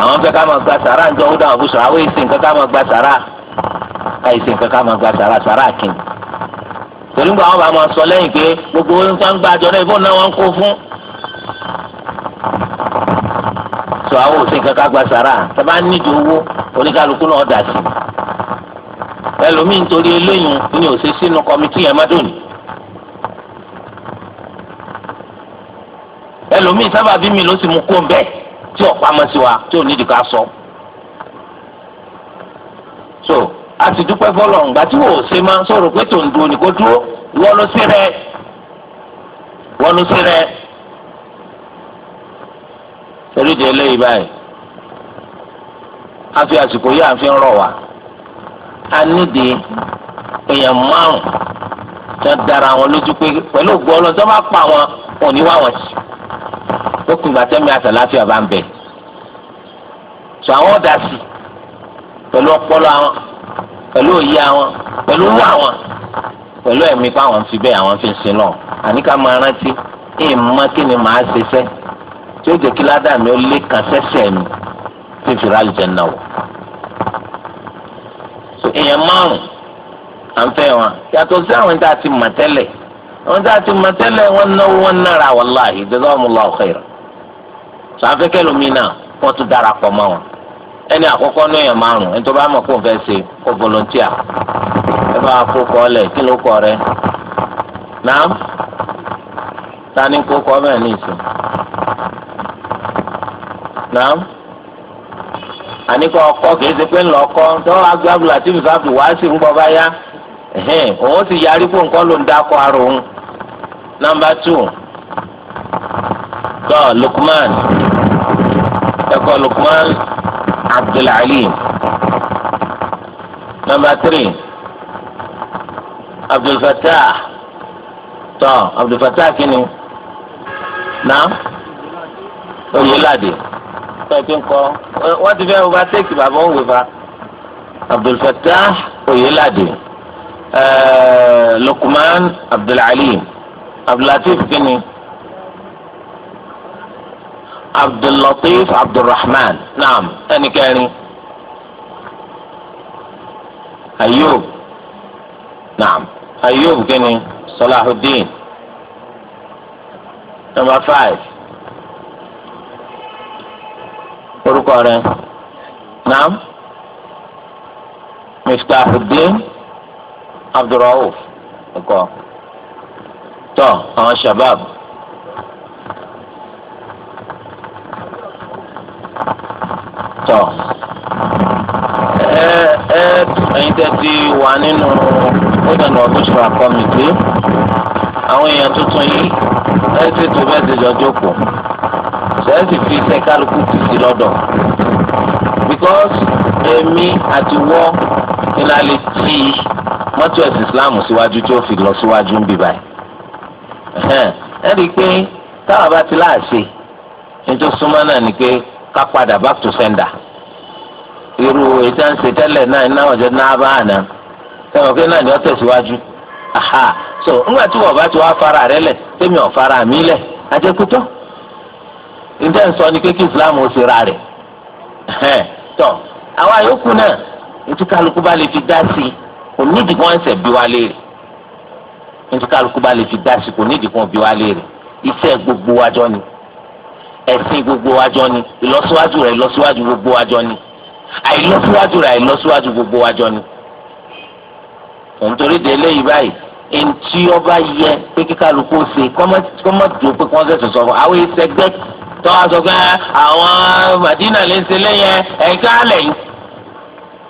àwọn fẹ́ ká máa gba sàrà ń jọ hudan wa bushra àwọn èsì nǹkan ká máa gba sàrà àìsí nǹkan ká máa gba sàrà sàrà kìnnì torí ń àwọn bá máa sọ lẹ́yìn pé gbogbo ń sọ àwọn òsè kankan gba sàrà tàbá nídìí owó oníkálukú náà dà sí ẹlòmíín torí eléyìn ní òsè sínú kọmitì yẹn mọ́dúnrún ẹlòmíín sábà bí mi ló sì mú kó bẹ́ẹ̀ tí ọ̀pamọ́ sí wa tí ò nídìí ká sọ. so a sì dúpẹ́ fọlọ́ ǹgbà tí wò ó ṣe máa ń sọ̀rọ̀ pé tòun dúró ni kó dúró wọ́n ló sí rẹ̀ wọ́n ló sí rẹ̀ nítorí eléyìí báyìí a fi àsìkò yìí à ń fi rọ̀ wá a nídìí èèyàn márùn tí wọ́n dára wọn lójú pé pẹ̀lú ògbó ọlọ́run tí wọ́n bá pa wọn wọn ò ní wá wọn sí ó kùn ìgbà tẹ́mi àtàláfíà bá ń bẹ̀ sọ àwọn ọ̀dà sí pẹ̀lú ọpọlọ àwọn pẹ̀lú òye àwọn pẹ̀lú wú àwọn pẹ̀lú ẹ̀mí pé àwọn fi bẹ́ẹ̀ àwọn fi sin lọ àníkà máa rántí ìmọ̀ kí ni màá ṣe sẹ́yìn tí ó jẹ́ kí ládàá mi ó lé kan sẹ́sẹ̀ mi tí n fi ra àlùjánnà wọ̀. so èèyàn márùn à ń fẹ́ wọn yàtọ̀ sí àwọn tá a ti mọ̀ tẹ́lẹ̀ àwọn tá a ti mọ̀ tẹ́lẹ̀ wọ́n náwó wọn nára wàláhì jazahumullahu khaira so afẹ́kẹ́ lomi náà wọ́n tún darapọ̀ mọ́ wọn ẹni àkọ́kọ́ ní èèyàn márùn ẹni tó bá mọ̀ kó fẹ́ ṣe kó volunteer ẹ bá kó kọ́ ọ lẹ̀ kí ló kọ́ rẹ tani kó kọ́ bẹ́ẹ̀ ní ìsìn náà àníkọ́ ọkọ́ kìí ṣe pé ńlọ ọkọ́ tó agbé abúlàtí mùsàfù wá sí ń bọ́ bá yá òun ti yarí fún nǹkan ló ń dákọ́ ara òun nọ́mbà tù tọ́ Lukman ẹ̀kọ́ Lukman Abdulalim nọ́mbà tírì Abdulfatah tọ́ Abdulfatah kìíní náà oyelade tọ́jú ńkọ wọ́n ti fẹ́ overtake bàbá òwe fa abdulfatah oyelade lukman abdulalim abdulatif kini abdulatif abdulrahman naam ẹni kẹrin ayub naam ayub kini salahuddin number five orúkọ rẹ naam miftahuddin abdulrauf ẹkọ tọ àwọn shabab. tọ ẹ ẹ ẹyin tẹ ti wà nínú ó dànù ọdún ṣọlá kọmìtì àwọn èèyàn tuntun yìí. ẹ ṣe tó bẹ́ẹ̀ ṣe jọ jókòó sẹ́ẹ̀sì fi iṣẹ́ kálukú sí èmi àti wọ́ ni la lè ti mọ́tò ẹ̀sìn Islam fi lọ síwájú ń bì báyìí ẹ rí i pé táwa bá ti láàṣẹ nítorí súnmọ́ náà ni pé ká padà back to sender irú ètò à tẹ́lẹ̀ náà iná ọ̀jẹ̀ náà bá àná sẹ́wọ̀n pé náà ni tẹ̀síwájú aha so ńgbà tí wọ́n bá ti wá fara rẹ tẹ́mi ọ̀fara mi lẹ̀ ajẹ́kútọ́ ǹjẹ́ ń sọ ni pé kí islam ó ṣe ra rẹ̀ tọ́ àwọn àyókù náà ntúkàlùkù bá lè fi dá sí i kò nídìí kan ẹsẹ̀ bí wá léèrè ntúkàlùkù bá lè fi dá sí i kò nídìí kan bí wá léèrè iṣẹ́ gbogbo wájọ́ ni ẹ̀sìn gbogbo wájọ́ ni ìlọsíwájú rẹ̀ ìlọsíwájú gbogbo wájọ́ ni àìlọsíwájú rẹ̀ àìlọsíwájú gbogbo wájọ́ ni. òǹtorí de eléyìí báyìí ntí ọba yẹ pé kíkálukú ṣe kọ́mọ̀tò pé kọ́mọ̀tò sọ̀sọ̀ fún àwọn ìṣẹ́gbẹ́ tó wá sọ pé ah, àwọn Madina lè ṣe lẹ́yìn ẹ̀ka lẹ́yìn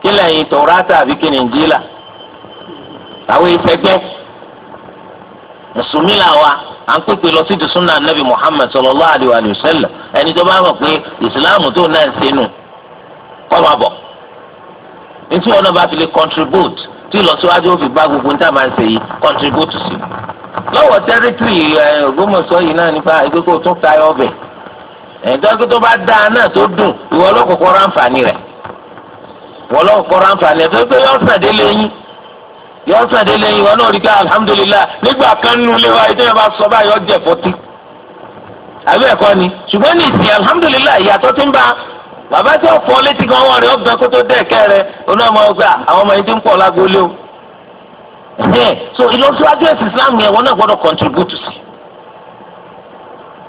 kí lẹ́yìn tòwúrátà àbí kí nìjíríà àwọn ìṣẹ́gbẹ́ mùsùlùmí làwa à ń pèpè lọ sí dùsùnà nàbì Muhammad sallallahu alaihi wa sallam ẹni tó bá mọ̀ pé ìsìláàmù tó náà ń ṣe nù kọ́ máa bọ̀ nítorí ọ̀nà bá fi lè contribute tí ìlọsíwájú òfin bá gbogbo ń tàbá ṣe yìí kọ́ntribútù sí. lọ́wọ́ tẹ́rítírì Ògbómọ̀ṣọ́ yìí náà nípa ìgbéko tún ta ọbẹ̀ ẹ̀ńtọ́kí tó bá dá a náà tó dùn ìwọ lọ́kọ̀ọ́kọ́ ráǹfààní rẹ̀ ìwọ lọ́kọ̀ọ́kọ́ ráǹfààní rẹ̀ tó gbé yọ̀ọ́sàn délé yín yọ̀ọ́sàn délé yín ìwọ náà rí ká alhamdulillah nígbà kan nù lé wa ìdíyẹ bá sọ báyọ̀ jẹ̀ fọ́tí àbí ni ṣùgbọ́n ní ìsìn alhamdulillah ìyàtọ̀ ti ń bá bàbá tí ó fọ létí kan wọn rẹ ọgbà kó tó dẹ kẹrẹ onáwó ọgbà àwọn ọmọ ẹdín pọ̀ lágolé o ẹ so ìlọsíwájú ẹsìn islam yẹn wọn náà gbọ́dọ̀ contribute sí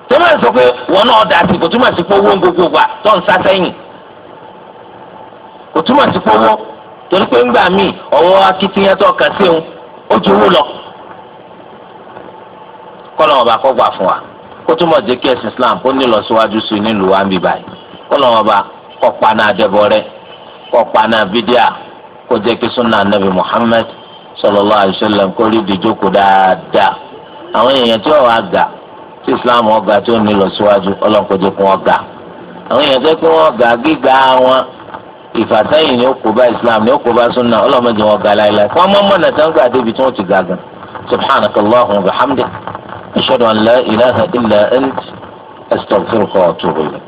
tó máa sọ pé wọn náà dà sí kò túmọ̀ sí pówó ń gbogbo gbà tó ń sá sẹ́yìn kò túmọ̀ sí pówó torí pé ńgbà míì ọwọ́ akitiyan tó kà sí òun ó ju owó lọ kọ́ lọ́wọ́ kọ́ gbà fún wa kó túmọ̀ jẹ́ kí ẹsìn islam kó ní ìlọsíwájú sí nílùú wa ń bì báyìí. kọlọmọba kọpa náà dẹbọrẹ kọpa náà bídíà kó jẹ kí sunna anabi muhammed sallallahu alaihi wasallam kó dáadáa àwọn èèyàn tí wọn gà tí islam ọgà tí ó ní lọ síwájú ọlọ́nkọ́jọ́ kún ọgà àwọn èèyàn gíga wọn ìfàsẹ́yìn ni ó kó ni ó kó bá sunna wọn gà láìláì fún ọmọ